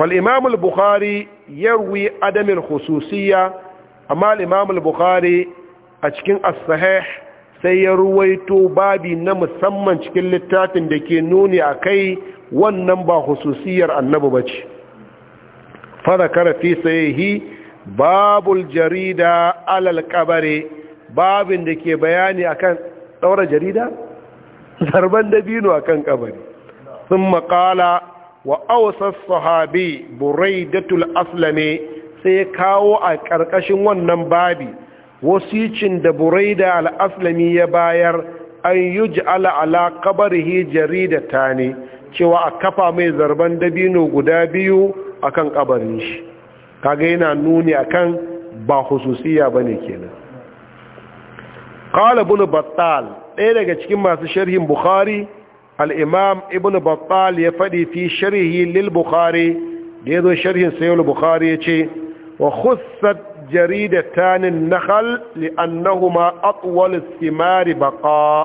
S1: فالإمام البخاري يروي عدم الخصوصية أما الإمام a cikin الصحيح sai ya ruwaito babi na musamman cikin littafin da ke nuni a kai wannan ba hususiyar annabi ba ce fadakara fi sayihi babul jarida alal kabare babin da ke bayani akan daura jarida zarban dabino akan kabari sun makala wa awsas sahabi buraidatul aslami sai ya kawo a ƙarƙashin wannan babi wasicin da buraida al-aslami ya bayar an yuj'ala ala qabrihi ta ne cewa a kafa mai zarban dabino guda biyu akan kabarin shi kaga yana nuni akan ba hususiya bane kenan qala ibn battal ɗaya daga cikin masu sharhin bukhari al'imam ibn battal ya faɗi fi sharhi lil bukhari da ya zo sharhin sayar bukhari ya ce wa khussat jarida tanin nahal li'annahuma atwal simari baka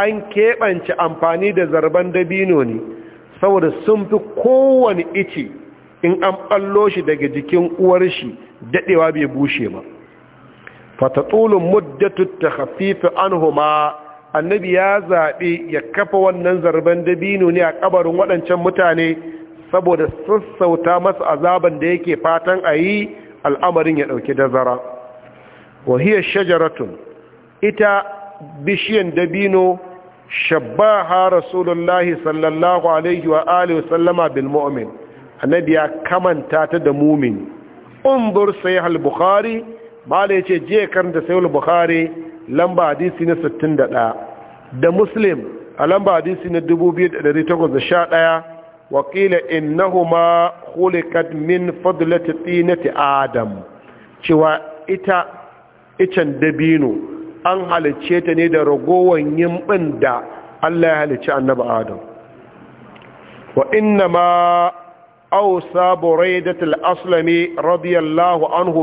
S1: an keɓance amfani da zarban dabino ne saboda sun fi kowane ice in an ɓallo shi daga jikin uwar shi daɗewa bai bushe ba fatatulun muddatu ta hafifi an huma annabi ya zaɓi ya kafa wannan zarban dabino ne a kabarin waɗancan mutane saboda sassauta masa azaban da yake fatan a yi al'amarin ya ɗauki dazara wahiyar shajaratun ita bishiyan dabino shabba shabbaha rasulullahi sallallahu alaihi wa alihi sallama bil mu'min annabi ya kamanta ta da mumin umbur sai al da ya yace je karanta sai al lamba hadisi na 61 da muslim a lamba hadisi na 2811 wakila innahuma khuliqat min fadlati tinati adam cewa ita icen dabino an halicce ta ne da ragowan yimbin da Allah ya halicci annabi adam wa inna ma أوصى بريدة الأصلمي رضي الله عنه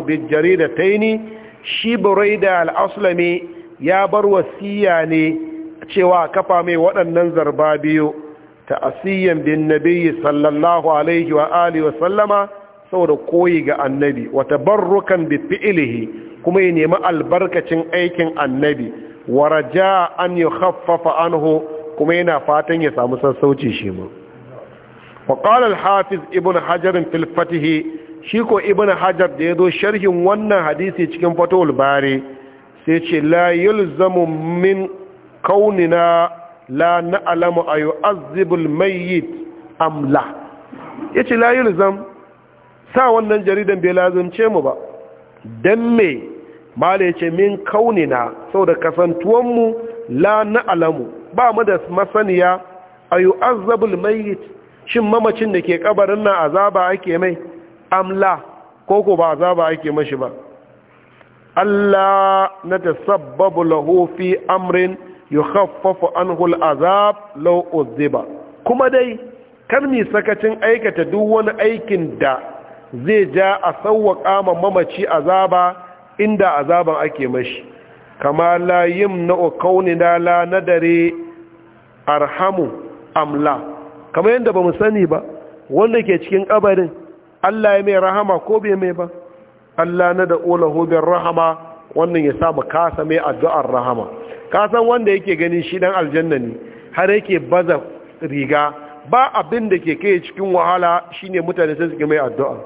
S1: shi شي al-aslami ya bar wasiya ne cewa kafa mai waɗannan zarba biyu ta asiyan bin nabi sallallahu alaihi wa alihi wa sallama saboda koyi ga annabi wa tabarrukan bi fi'lihi kuma ya nemi albarkacin aikin annabi wa raja an yukhaffafa anhu kuma yana fatan ya samu sassauci shi mu wa qala al-hafiz ibn hajar fil fatih shi ko ibn hajar da yazo sharhin wannan hadisi cikin fatul bari sai ce la yulzamu min kaunina la na a ayu azibul yi amla ya ce la yulzam sa wannan jaridan bai lazumce mu ba dan me ya ce min kaunina sau da mu la na alamu ba mu da masaniya ayu azabul yi shin mamacin da ke kabarin nan azaba ake mai amla ko ko ba azaba ake mashi ba Allah na ta sababu lahofi amrin yukhaffafu anhu al'azab law kuma dai kar mi sakacin aikata duk wani aikin da zai ja a sauwaka ma mamaci azaba inda azaban ake mashi kama la yimna kaunina la dare arhamu amla kamar yadda ba mu sani ba wanda ke cikin ƙabarin Allah ya mai rahama ko bai mai ba Allah na da olahu bin rahama wannan ya sa kasa mai addu'ar rahama kasan wanda yake ganin shi dan aljanna ne har yake baza riga ba abin da ke kai cikin wahala shi ne mutane sai suke mai addu'a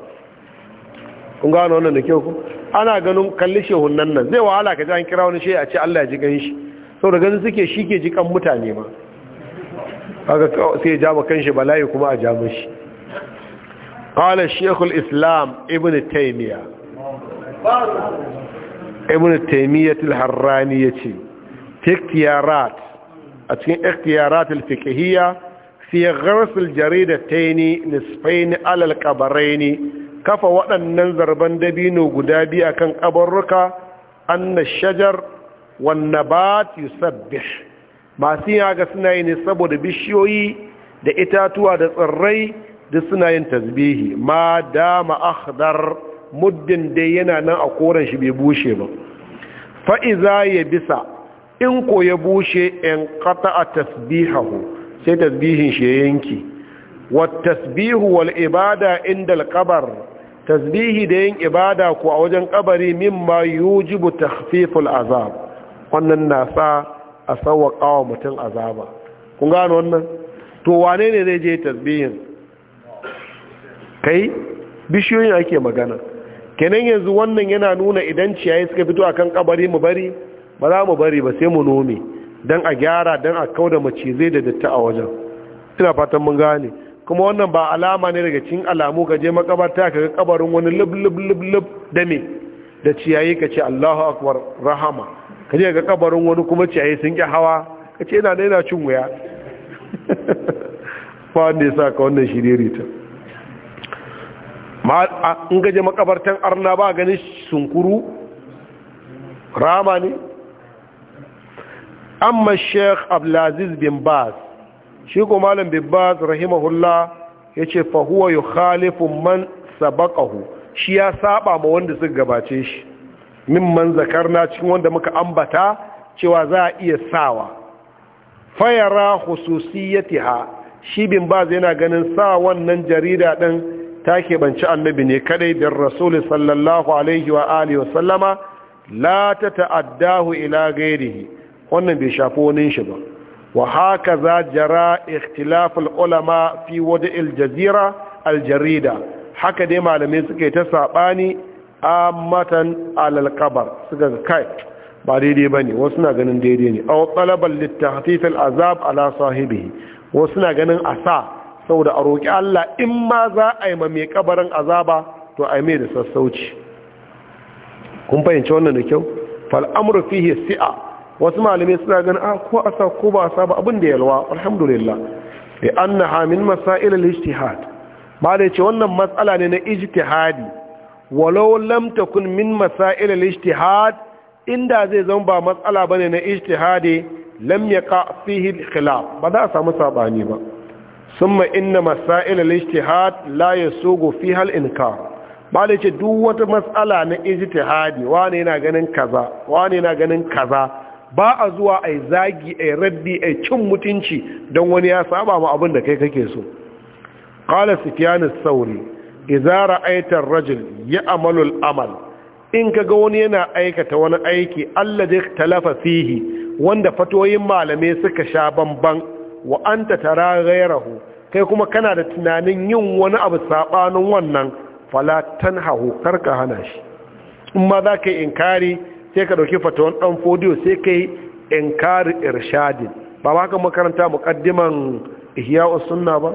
S1: kun gano wannan da kyau ku ana ganin kalli shehun nan nan zai wahala ka ji an kira wani shehi a ce Allah ya ji gan shi da ganin suke shi ke ji kan mutane ma kaga sai ya ja ma kanshi bala'i kuma a ja mishi Kala shekul islam ibnu taymiya ibn al harrani yace ce tiktiyarat a cikin al-fiqhiyya fi al jarida taini ala alal kabaraini kafa waɗannan zarban dabino guda bi kan kabarruka anna shajar wan nabat yusabbih masu yin haka suna yin ni saboda bishiyoyi da itatuwa da tsirrai duk suna yin tasbihi ma dama akhdar muddin dai yana nan a koren shi bai bushe ba fa'iza ya bisa in ko ya bushe in kata a tasbihahu sai tasbihin shi ya yanki tasbihu wal ibada inda alkabar tasbihi da yin ibada ko a wajen kabari mimma yujibu takhfiful azab wannan na sa a sawa kawo mutum azaba kun gano wannan to wane ne zai je tasbihin kai bishiyoyin ake magana kenan yanzu wannan yana nuna idan ciyayi suka fito akan kabari mu bari ba za mu bari ba sai mu nome don a gyara don a kauda macizai da datta a wajen ina fatan mun gane kuma wannan ba alama ne daga cikin alamu ka je makabarta ka ga kabarin wani lub lub lub lub da me da ciyayi ka ce Allahu akbar rahama ka je ga kabarin wani kuma ciyayi sun ki hawa ka ce ina da ina cin wuya Fa ne sa ka wannan shiririta in gaje makabartan arna ba gani sunkuru rama ne amma sheikh abdulaziz bin baz shi ko malam bin baz rahimahullah ya ce fahuwa yi khalifin man sabakahu shi ya saba ma wanda suka gabace shi min man zakarna cikin wanda muka ambata cewa za a iya sawa fayara hususiyatiha shi bin baz yana ganin sa wannan jarida din ta keɓanci annabi ne kadai bin rasuli sallallahu alaihi wa alihi wa sallama la ta ta'addahu ila gairihi wannan bai shafi wani shi ba wa haka za jara ikhtilaful ulama fi wada aljazira aljarida haka dai malamai suke ta sabani ammatan alal kabar suka kai ba daidai bane wasu na ganin daidai ne aw talabal litahfif azab ala sahibi wasu na ganin asa saboda a roƙi Allah in ma za a yi ma mai kabarin azaba to a yi mai da sassauci kun fahimci wannan da kyau fal'amuru fihe si'a wasu malamai suna ganin a ah, ko a sa ko ba a sa ba abin da yalwa alhamdulillah da an na hamin masa'il al-ijtihad ba da ce wannan matsala ne na ijtihadi walau lam takun min masa'il al-ijtihad inda zai zama ba matsala bane na ijtihadi lam yaqa fihi al-khilaf ba za a samu sabani ba sun inna masail Mas'a'ila ijtihad la yasugu fiha inka inkar bale ce duk wata matsala na ijtihadi wani yana ganin kaza wani yana ganin kaza ba a zuwa ai zagi ai raddi ai cin mutunci don wani ya saba ma abin da kai kake so qala sufyan as-sauri idza ra'aita ar-rajul ya'malu al-amal in kaga wani yana aikata wani aiki alladhi talafa fihi wanda fatoyin malamai suka sha bamban wa anta tara ghayrahu kai kuma kana da tunanin yin wani abu sabanin wannan fala tanhahu karka hana shi in ma za ka yi inkari sai ka dauki fatawan dan fodiyo sai ka yi inkari irshadin ba ba ka makaranta muqaddiman ihya sunna ba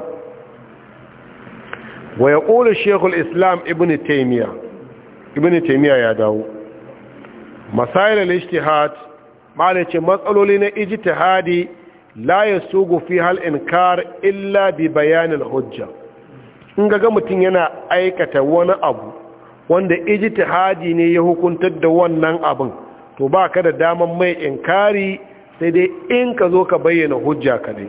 S1: wa yaqulu shaykhul islam ibn taymiya ibn taymiya ya dawo masail al ma ce matsaloli na ijtihadi la yasugu fi hal inkar illa bi bayanin hujja in ga mutum yana aikata wani abu wanda ijtihadi ne ya hukuntar da wannan abin to ba ka da daman mai inkari sai dai in ka zo ka bayyana hujja kadai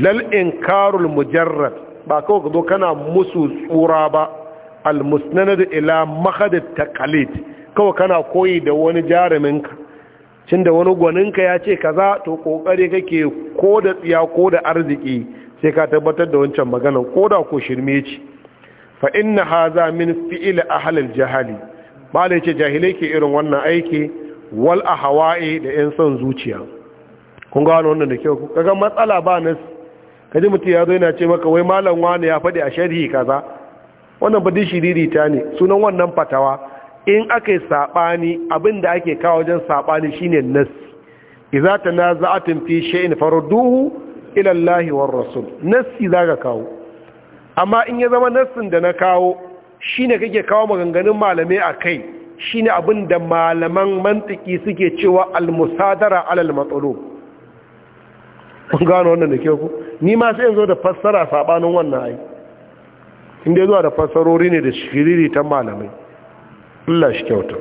S1: lal inkarul mujarrad ba kawai ka zo kana musu tsura ba al musnanad ila mahad taqalid kawai kana koyi da wani jaruminka cin da wani gwaninka ya ce kaza to kokare kake ko da tsiya ko da arziki sai ka tabbatar da wancan maganan ko da ko shirme ci fa inna haza min fi'il ahlil jahali bale ce jahilai ke irin wannan aiki wal ahwa'i da yan son zuciya kun ga wannan da kyau kaga matsala ba nas kaji mutum ya zo yana ce maka wai malam wani ya faɗi a sharhi kaza wannan ba dishiriri ta ne sunan wannan fatawa in aka yi saɓani abin da ake kawo wajen saɓani shine nassi iza ta na za'atin fi sha'in faruduhu ilallahi wa rasul nasi za ka kawo amma in ya zama nasin da na kawo shine kake kawo maganganun malamai a kai shine abin da malaman mantiki suke cewa almusadara alal matsalo kun gano wannan da ke ku ni ma sai yanzu da fassara saɓanin wannan ai inda zuwa da fassarori ne da shiriri ta malamai Allah shi kyauta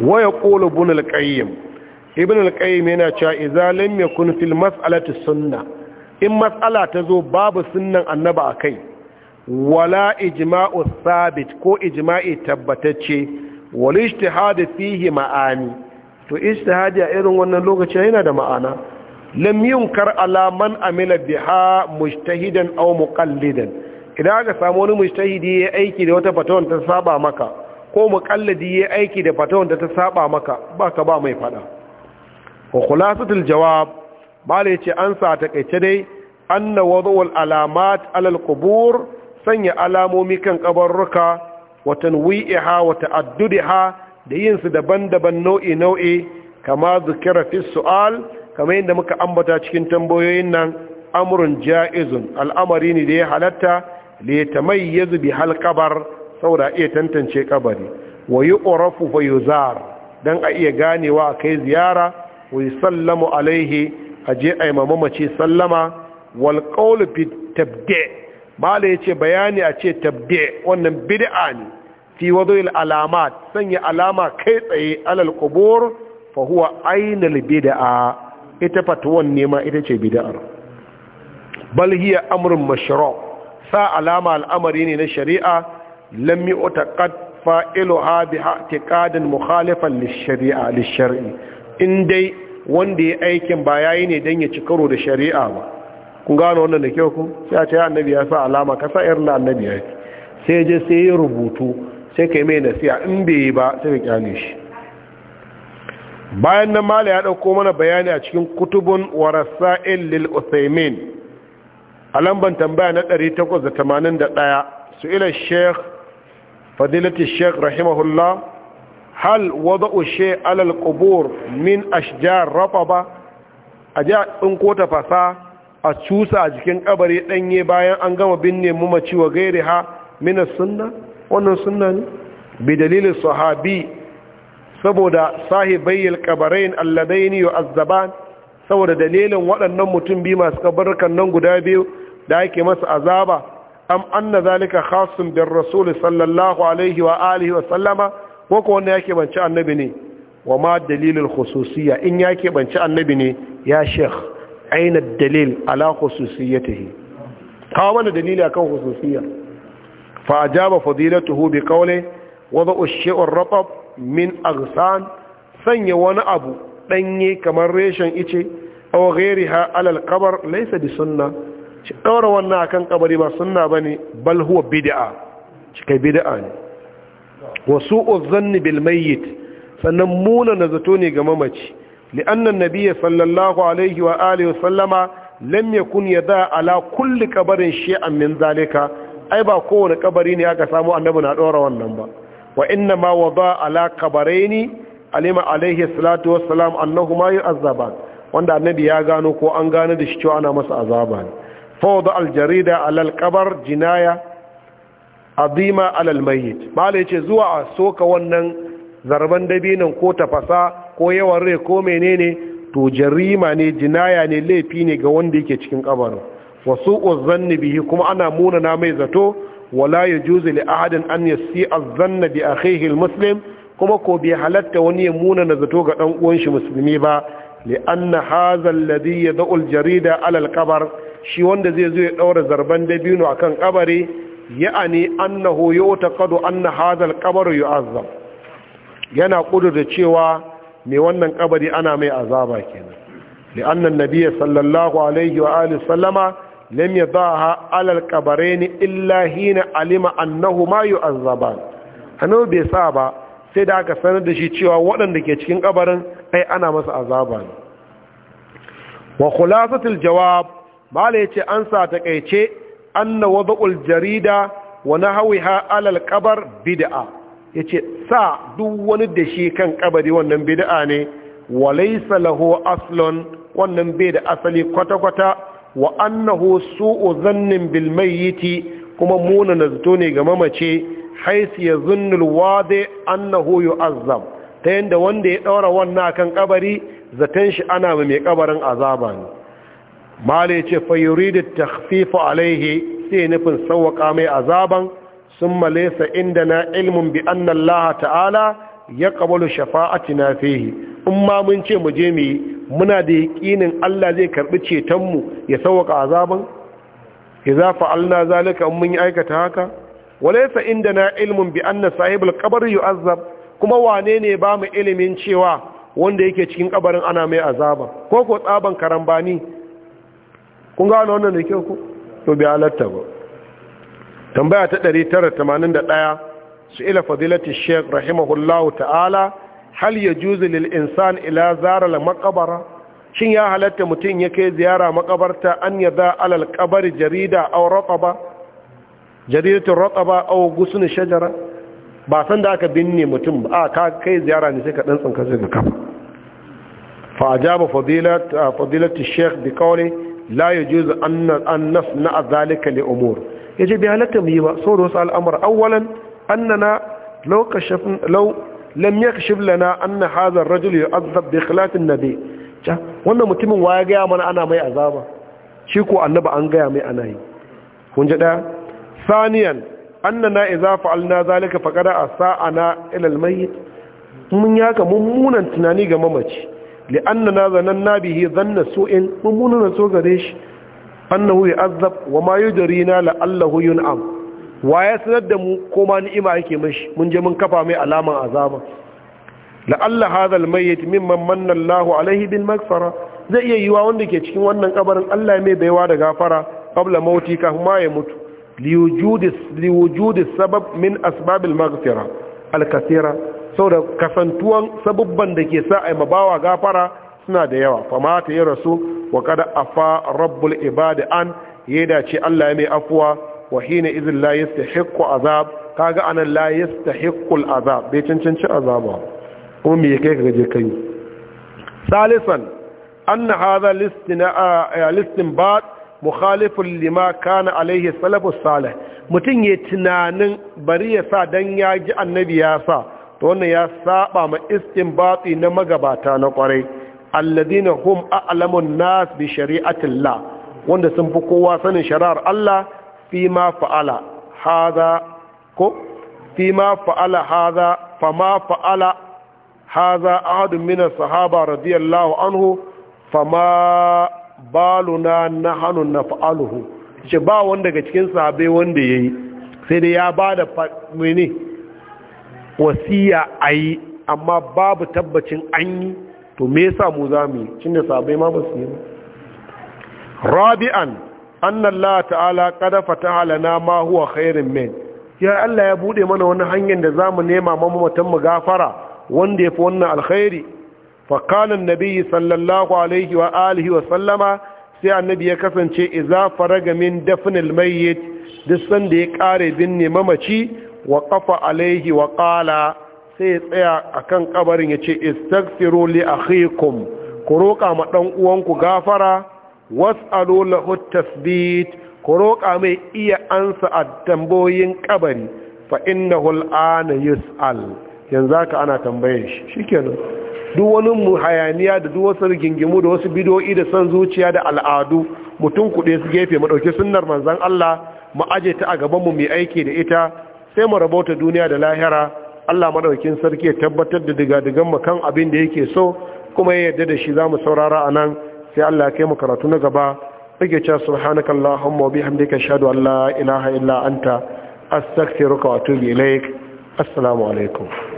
S1: waya ƙolo bin alƙayyam ibn yana cewa idza lam yakun fil mas'alati sunna in mas'ala ta zo babu sunnan annabi kai. wala ijma'u sabit ko ijma'i tabbatacce wal ijtihad fihi ma'ani to ijtihadi a irin wannan lokaci yana da ma'ana lam yunkar ala man amila biha mujtahidan aw muqallidan idan aka samu wani mujtahidi ya aiki da wata fatawa ta saba maka ko muƙallidi ya aiki da fatawan da ta saba maka ba ka ba mai fada wa khulasatul jawab ya yace an sa takeice dai anna wadawul alamat alal kubur, sanya alamomi kan kabarruka wa tanwi'iha wa ta'addudiha da yin su daban-daban nau'i nau'i kama zikira fi su'al kama yadda muka ambata cikin tambayoyin nan amrun ja'izun al'amari ne da ya halatta li tamayyazu bi halqabar saboda iya tantance kabari wa yu'rafu fa yuzar dan a iya ganewa kai ziyara wa sallamu alaihi a je a yi mamaci sallama wal qawlu fi da ya ce bayani a ce tabde wannan bid'a ne fi alama alama sanya alama kai tsaye alal qubur fa huwa ainihin bid'a ita fatuwan nema ita ce bid'ar bal hiya amurin mashru' sa alama al'amari ne na shari'a lam yu'taqad fa'iluha bi i'tiqadin mukhalifan lish-shari'a lish-shar'i in dai wanda ya aikin ba yayi ne dan ya ci karo da shari'a ba kun gano wannan da kyau ku sai a ce annabi ya sa alama ka sa irin annabi ya sai je sai ya rubutu sai kai mai nasiha in bai yi ba sai ka kyale shi bayan nan mala ya dauko mana bayani a cikin kutubun warasa'il lil uthaymin a lamban tambaya na 881 su ila sheikh fadilati sheik rahimahullah hal wadda ushe alal kubur min ashjar rafa ba a ji a ɗinko ta fasa a cusa a jikin kabari ɗanye bayan an gama binne mamaci wa gairi ha minas sunna wannan sunna ne bi dalilin sahabi saboda sahibayyar kabarain alladaini yau azzaban saboda dalilin waɗannan mutum biyu masu kabarkan nan guda biyu da ake masa azaba am anna zalika khasun bin rasul sallallahu alaihi wa alihi wa sallama ko ko wanda yake bance annabi ne wa ma dalilul khususiyya in yake bance annabi ne ya sheikh aina dalil ala khususiyyatihi kawo mana dalili akan khususiyya fa ajaba fadilatuhu bi qawli wada'u shay'ur ratab min aghsan sanya wani abu danye kamar reshen ice aw riha ala al-qabr laysa bi sunnah ci ɗaura wannan a kan ƙabari ba suna ba bal huwa bida'a. cikai bida'a ne wasu su'u dhanni sannan muna na zato ne ga mamaci na Nabiya sallallahu alaihi wa alihi sallama lam ya yada ala kulli kabarin shay'an min zalika ai ba kowane ƙabari ne aka samu annabi na ɗora wannan ba wa inna ma wada ala ne alima alaihi salatu ma yi azaba wanda annabi ya gano ko an gano da shi cewa ana masa azaba ne fawda aljarida alal kabar jinaya azima alal mayyit bala yace zuwa a soka wannan zarban dabinan ko tafasa ko yawan rai ko menene to jarima ne jinaya ne laifi ne ga wanda yake cikin ƙabaru wasu uzanni bihi kuma ana munana mai zato wala yajuzu li ahadin an yasi azanna bi akhihi almuslim kuma ko bai halatta wani ya munana zato ga ɗan uwan shi musulmi ba li anna hadha alladhi yad'u aljarida ala alqabr shi wanda zai zo ya daura zarban dabino akan kabari ya'ani annahu yu'taqadu anna hadha al-qabr yu'azzab yana kudurta cewa me wannan kabari ana mai azaba kenan li'anna an-nabiy sallallahu alaihi wa alihi sallama lam yadaha 'ala al-qabrayn illa hina alima annahu ma yu'azzaban hano bai sa ba sai da aka sanar da shi cewa waɗanda ke cikin kabarin ai ana masa azaba ne wa khulasatul jawab mala yace an sa an anna wada'ul jarida wa nahwiha alal qabr bid'a yace sa duk wani da shi kan ƙabari wannan bid'a ne wa laysa lahu aslun wannan bai da asali kwata kwata wa annahu su'u zannin bil mayyiti kuma muna zato ne ga mamace haisu ya zunnul wade annahu yu'azzab ta yanda wanda ya daura wannan kan kabari zaton shi ana mai kabarin azaba ne mala ce fa yuridu takhfifu alaihi sai nufin sauwaka mai azaban Sun malesa inda na ilmun bi anna laha ta'ala shafa a fihi in ma mun ce mu je mu muna da yaƙinin Allah zai karɓi ceton mu ya sauwaka azaban idza fa'alna zalika mun yi aikata haka inda na ilmin bi anna sahibul yi azab kuma wane ne ba mu ilimin cewa wanda yake cikin kabarin ana mai azaba ko ko tsaban karambani kun gano wannan da ke ku to bi halatta ba tambaya ta 981 su'ila fadilati sheikh rahimahullahu ta'ala hal yajuzu lil insan ila zara al maqbara shin ya halatta mutum ya kai ziyara makabarta an ya alal kabari jarida aw raqaba jaridatu raqaba aw gusun shajara ba san da aka binne mutum ba ka kai ziyara ne sai ka dan tsinka sai ka kafa fa ajaba fadilat fadilat ash-sheikh bi qawli la yajuzu an nasna zalika li umur yaje bi halatta mu yi ba da wasu al'amur awwalan annana law kashafna law lam yakshif lana anna hadha ar-rajul yu'adhab bi khilaf an-nabi wannan mutumin waya gaya mana ana mai azaba shi ko annaba an gaya mai ana yi kun ji daya saniyan annana idza fa'alna zalika faqad asa'ana ila al-mayyit mun yaka mummunan tunani ga mamaci li'annana zananna bihi zanna su'in mummunan so gare shi annahu yu'azzab wa ma yudrina la'allahu yun'am wa ya sanar da mu ko ma ni'ima yake mashi mun je mun kafa mai alaman azaba la'alla hadha al-mayyit mimman manna Allahu alaihi bil maghfara zai iya yiwa wanda ke cikin wannan kabarin Allah mai baiwa da gafara qabla mauti kafin ma ya mutu liwujudi sabab min asbabil maghfira saboda kasantuwan sabubban da ke sa ai mabawa gafara suna da yawa fama ta yi rasu wa kada afa rabbul ibadi an ya dace Allah ya mai afuwa wa ne izin ta yastahiqqu azab kaga anan layis ta yastahiqqul azab bai cancanci azaba kuma me kai kaga je kai salisan na haza listin ba mukhalifin lima kana alaihi salafus salih mutum ya tunanin bari ya sa don ya ji annabi ya sa to wannan ya saba ma batsi na magabata na kwarai alladina hum a'lamun nas bi shari'atillah wanda sun fi kowa sanin shari'ar Allah fi ma fa'ala hadha ko fi ma fa'ala hadha ma fa'ala hadha ahad min as-sahaba radiyallahu anhu fama baluna nahnu naf'aluhu ce ba wanda daga cikin sahabe wanda yayi sai dai ya bada mene wasiya a yi amma babu tabbacin an yi to me yasa mu za mu yi cin da sabai ma ba su yi rabi'an annan ta'ala kada fataha lana ma huwa khairin min ya Allah ya bude mana wani hanyar da zamu nema mamatan mu gafara wanda yafi wannan alkhairi fa Nabiyyu sallallahu alaihi wa alihi wa sallama sai annabi ya kasance iza faraga min dafnil mayyit duk sanda ya kare binne mamaci wa kafa alaihi wa kala sai ya tsaya a kan kabarin ya ce istagfiru li akhikum ku roƙa ma ɗan uwanku gafara was'alu lahu tasbit ku roƙa mai iya ansa a tambayoyin kabari fa innahu al'ana yus'al yanzu ka ana tambaye shi shikenan duk wani mu hayaniya da duk wasu rigingimu da wasu bidoyi da son zuciya da al'adu mutum kuɗe su gefe mu ɗauki sunnar manzon Allah mu aje ta a gaban mu mai aiki da ita sai mu rabauta duniya da lahira Allah madaukin sarki ya tabbatar da digadigan mu kan abin da yake so kuma ya yarda da shi zamu saurara anan sai Allah ya kai mu karatu na gaba kake cewa subhanaka allahumma wa bihamdika ashhadu an la ilaha illa anta astaghfiruka wa atubu ilaik assalamu alaikum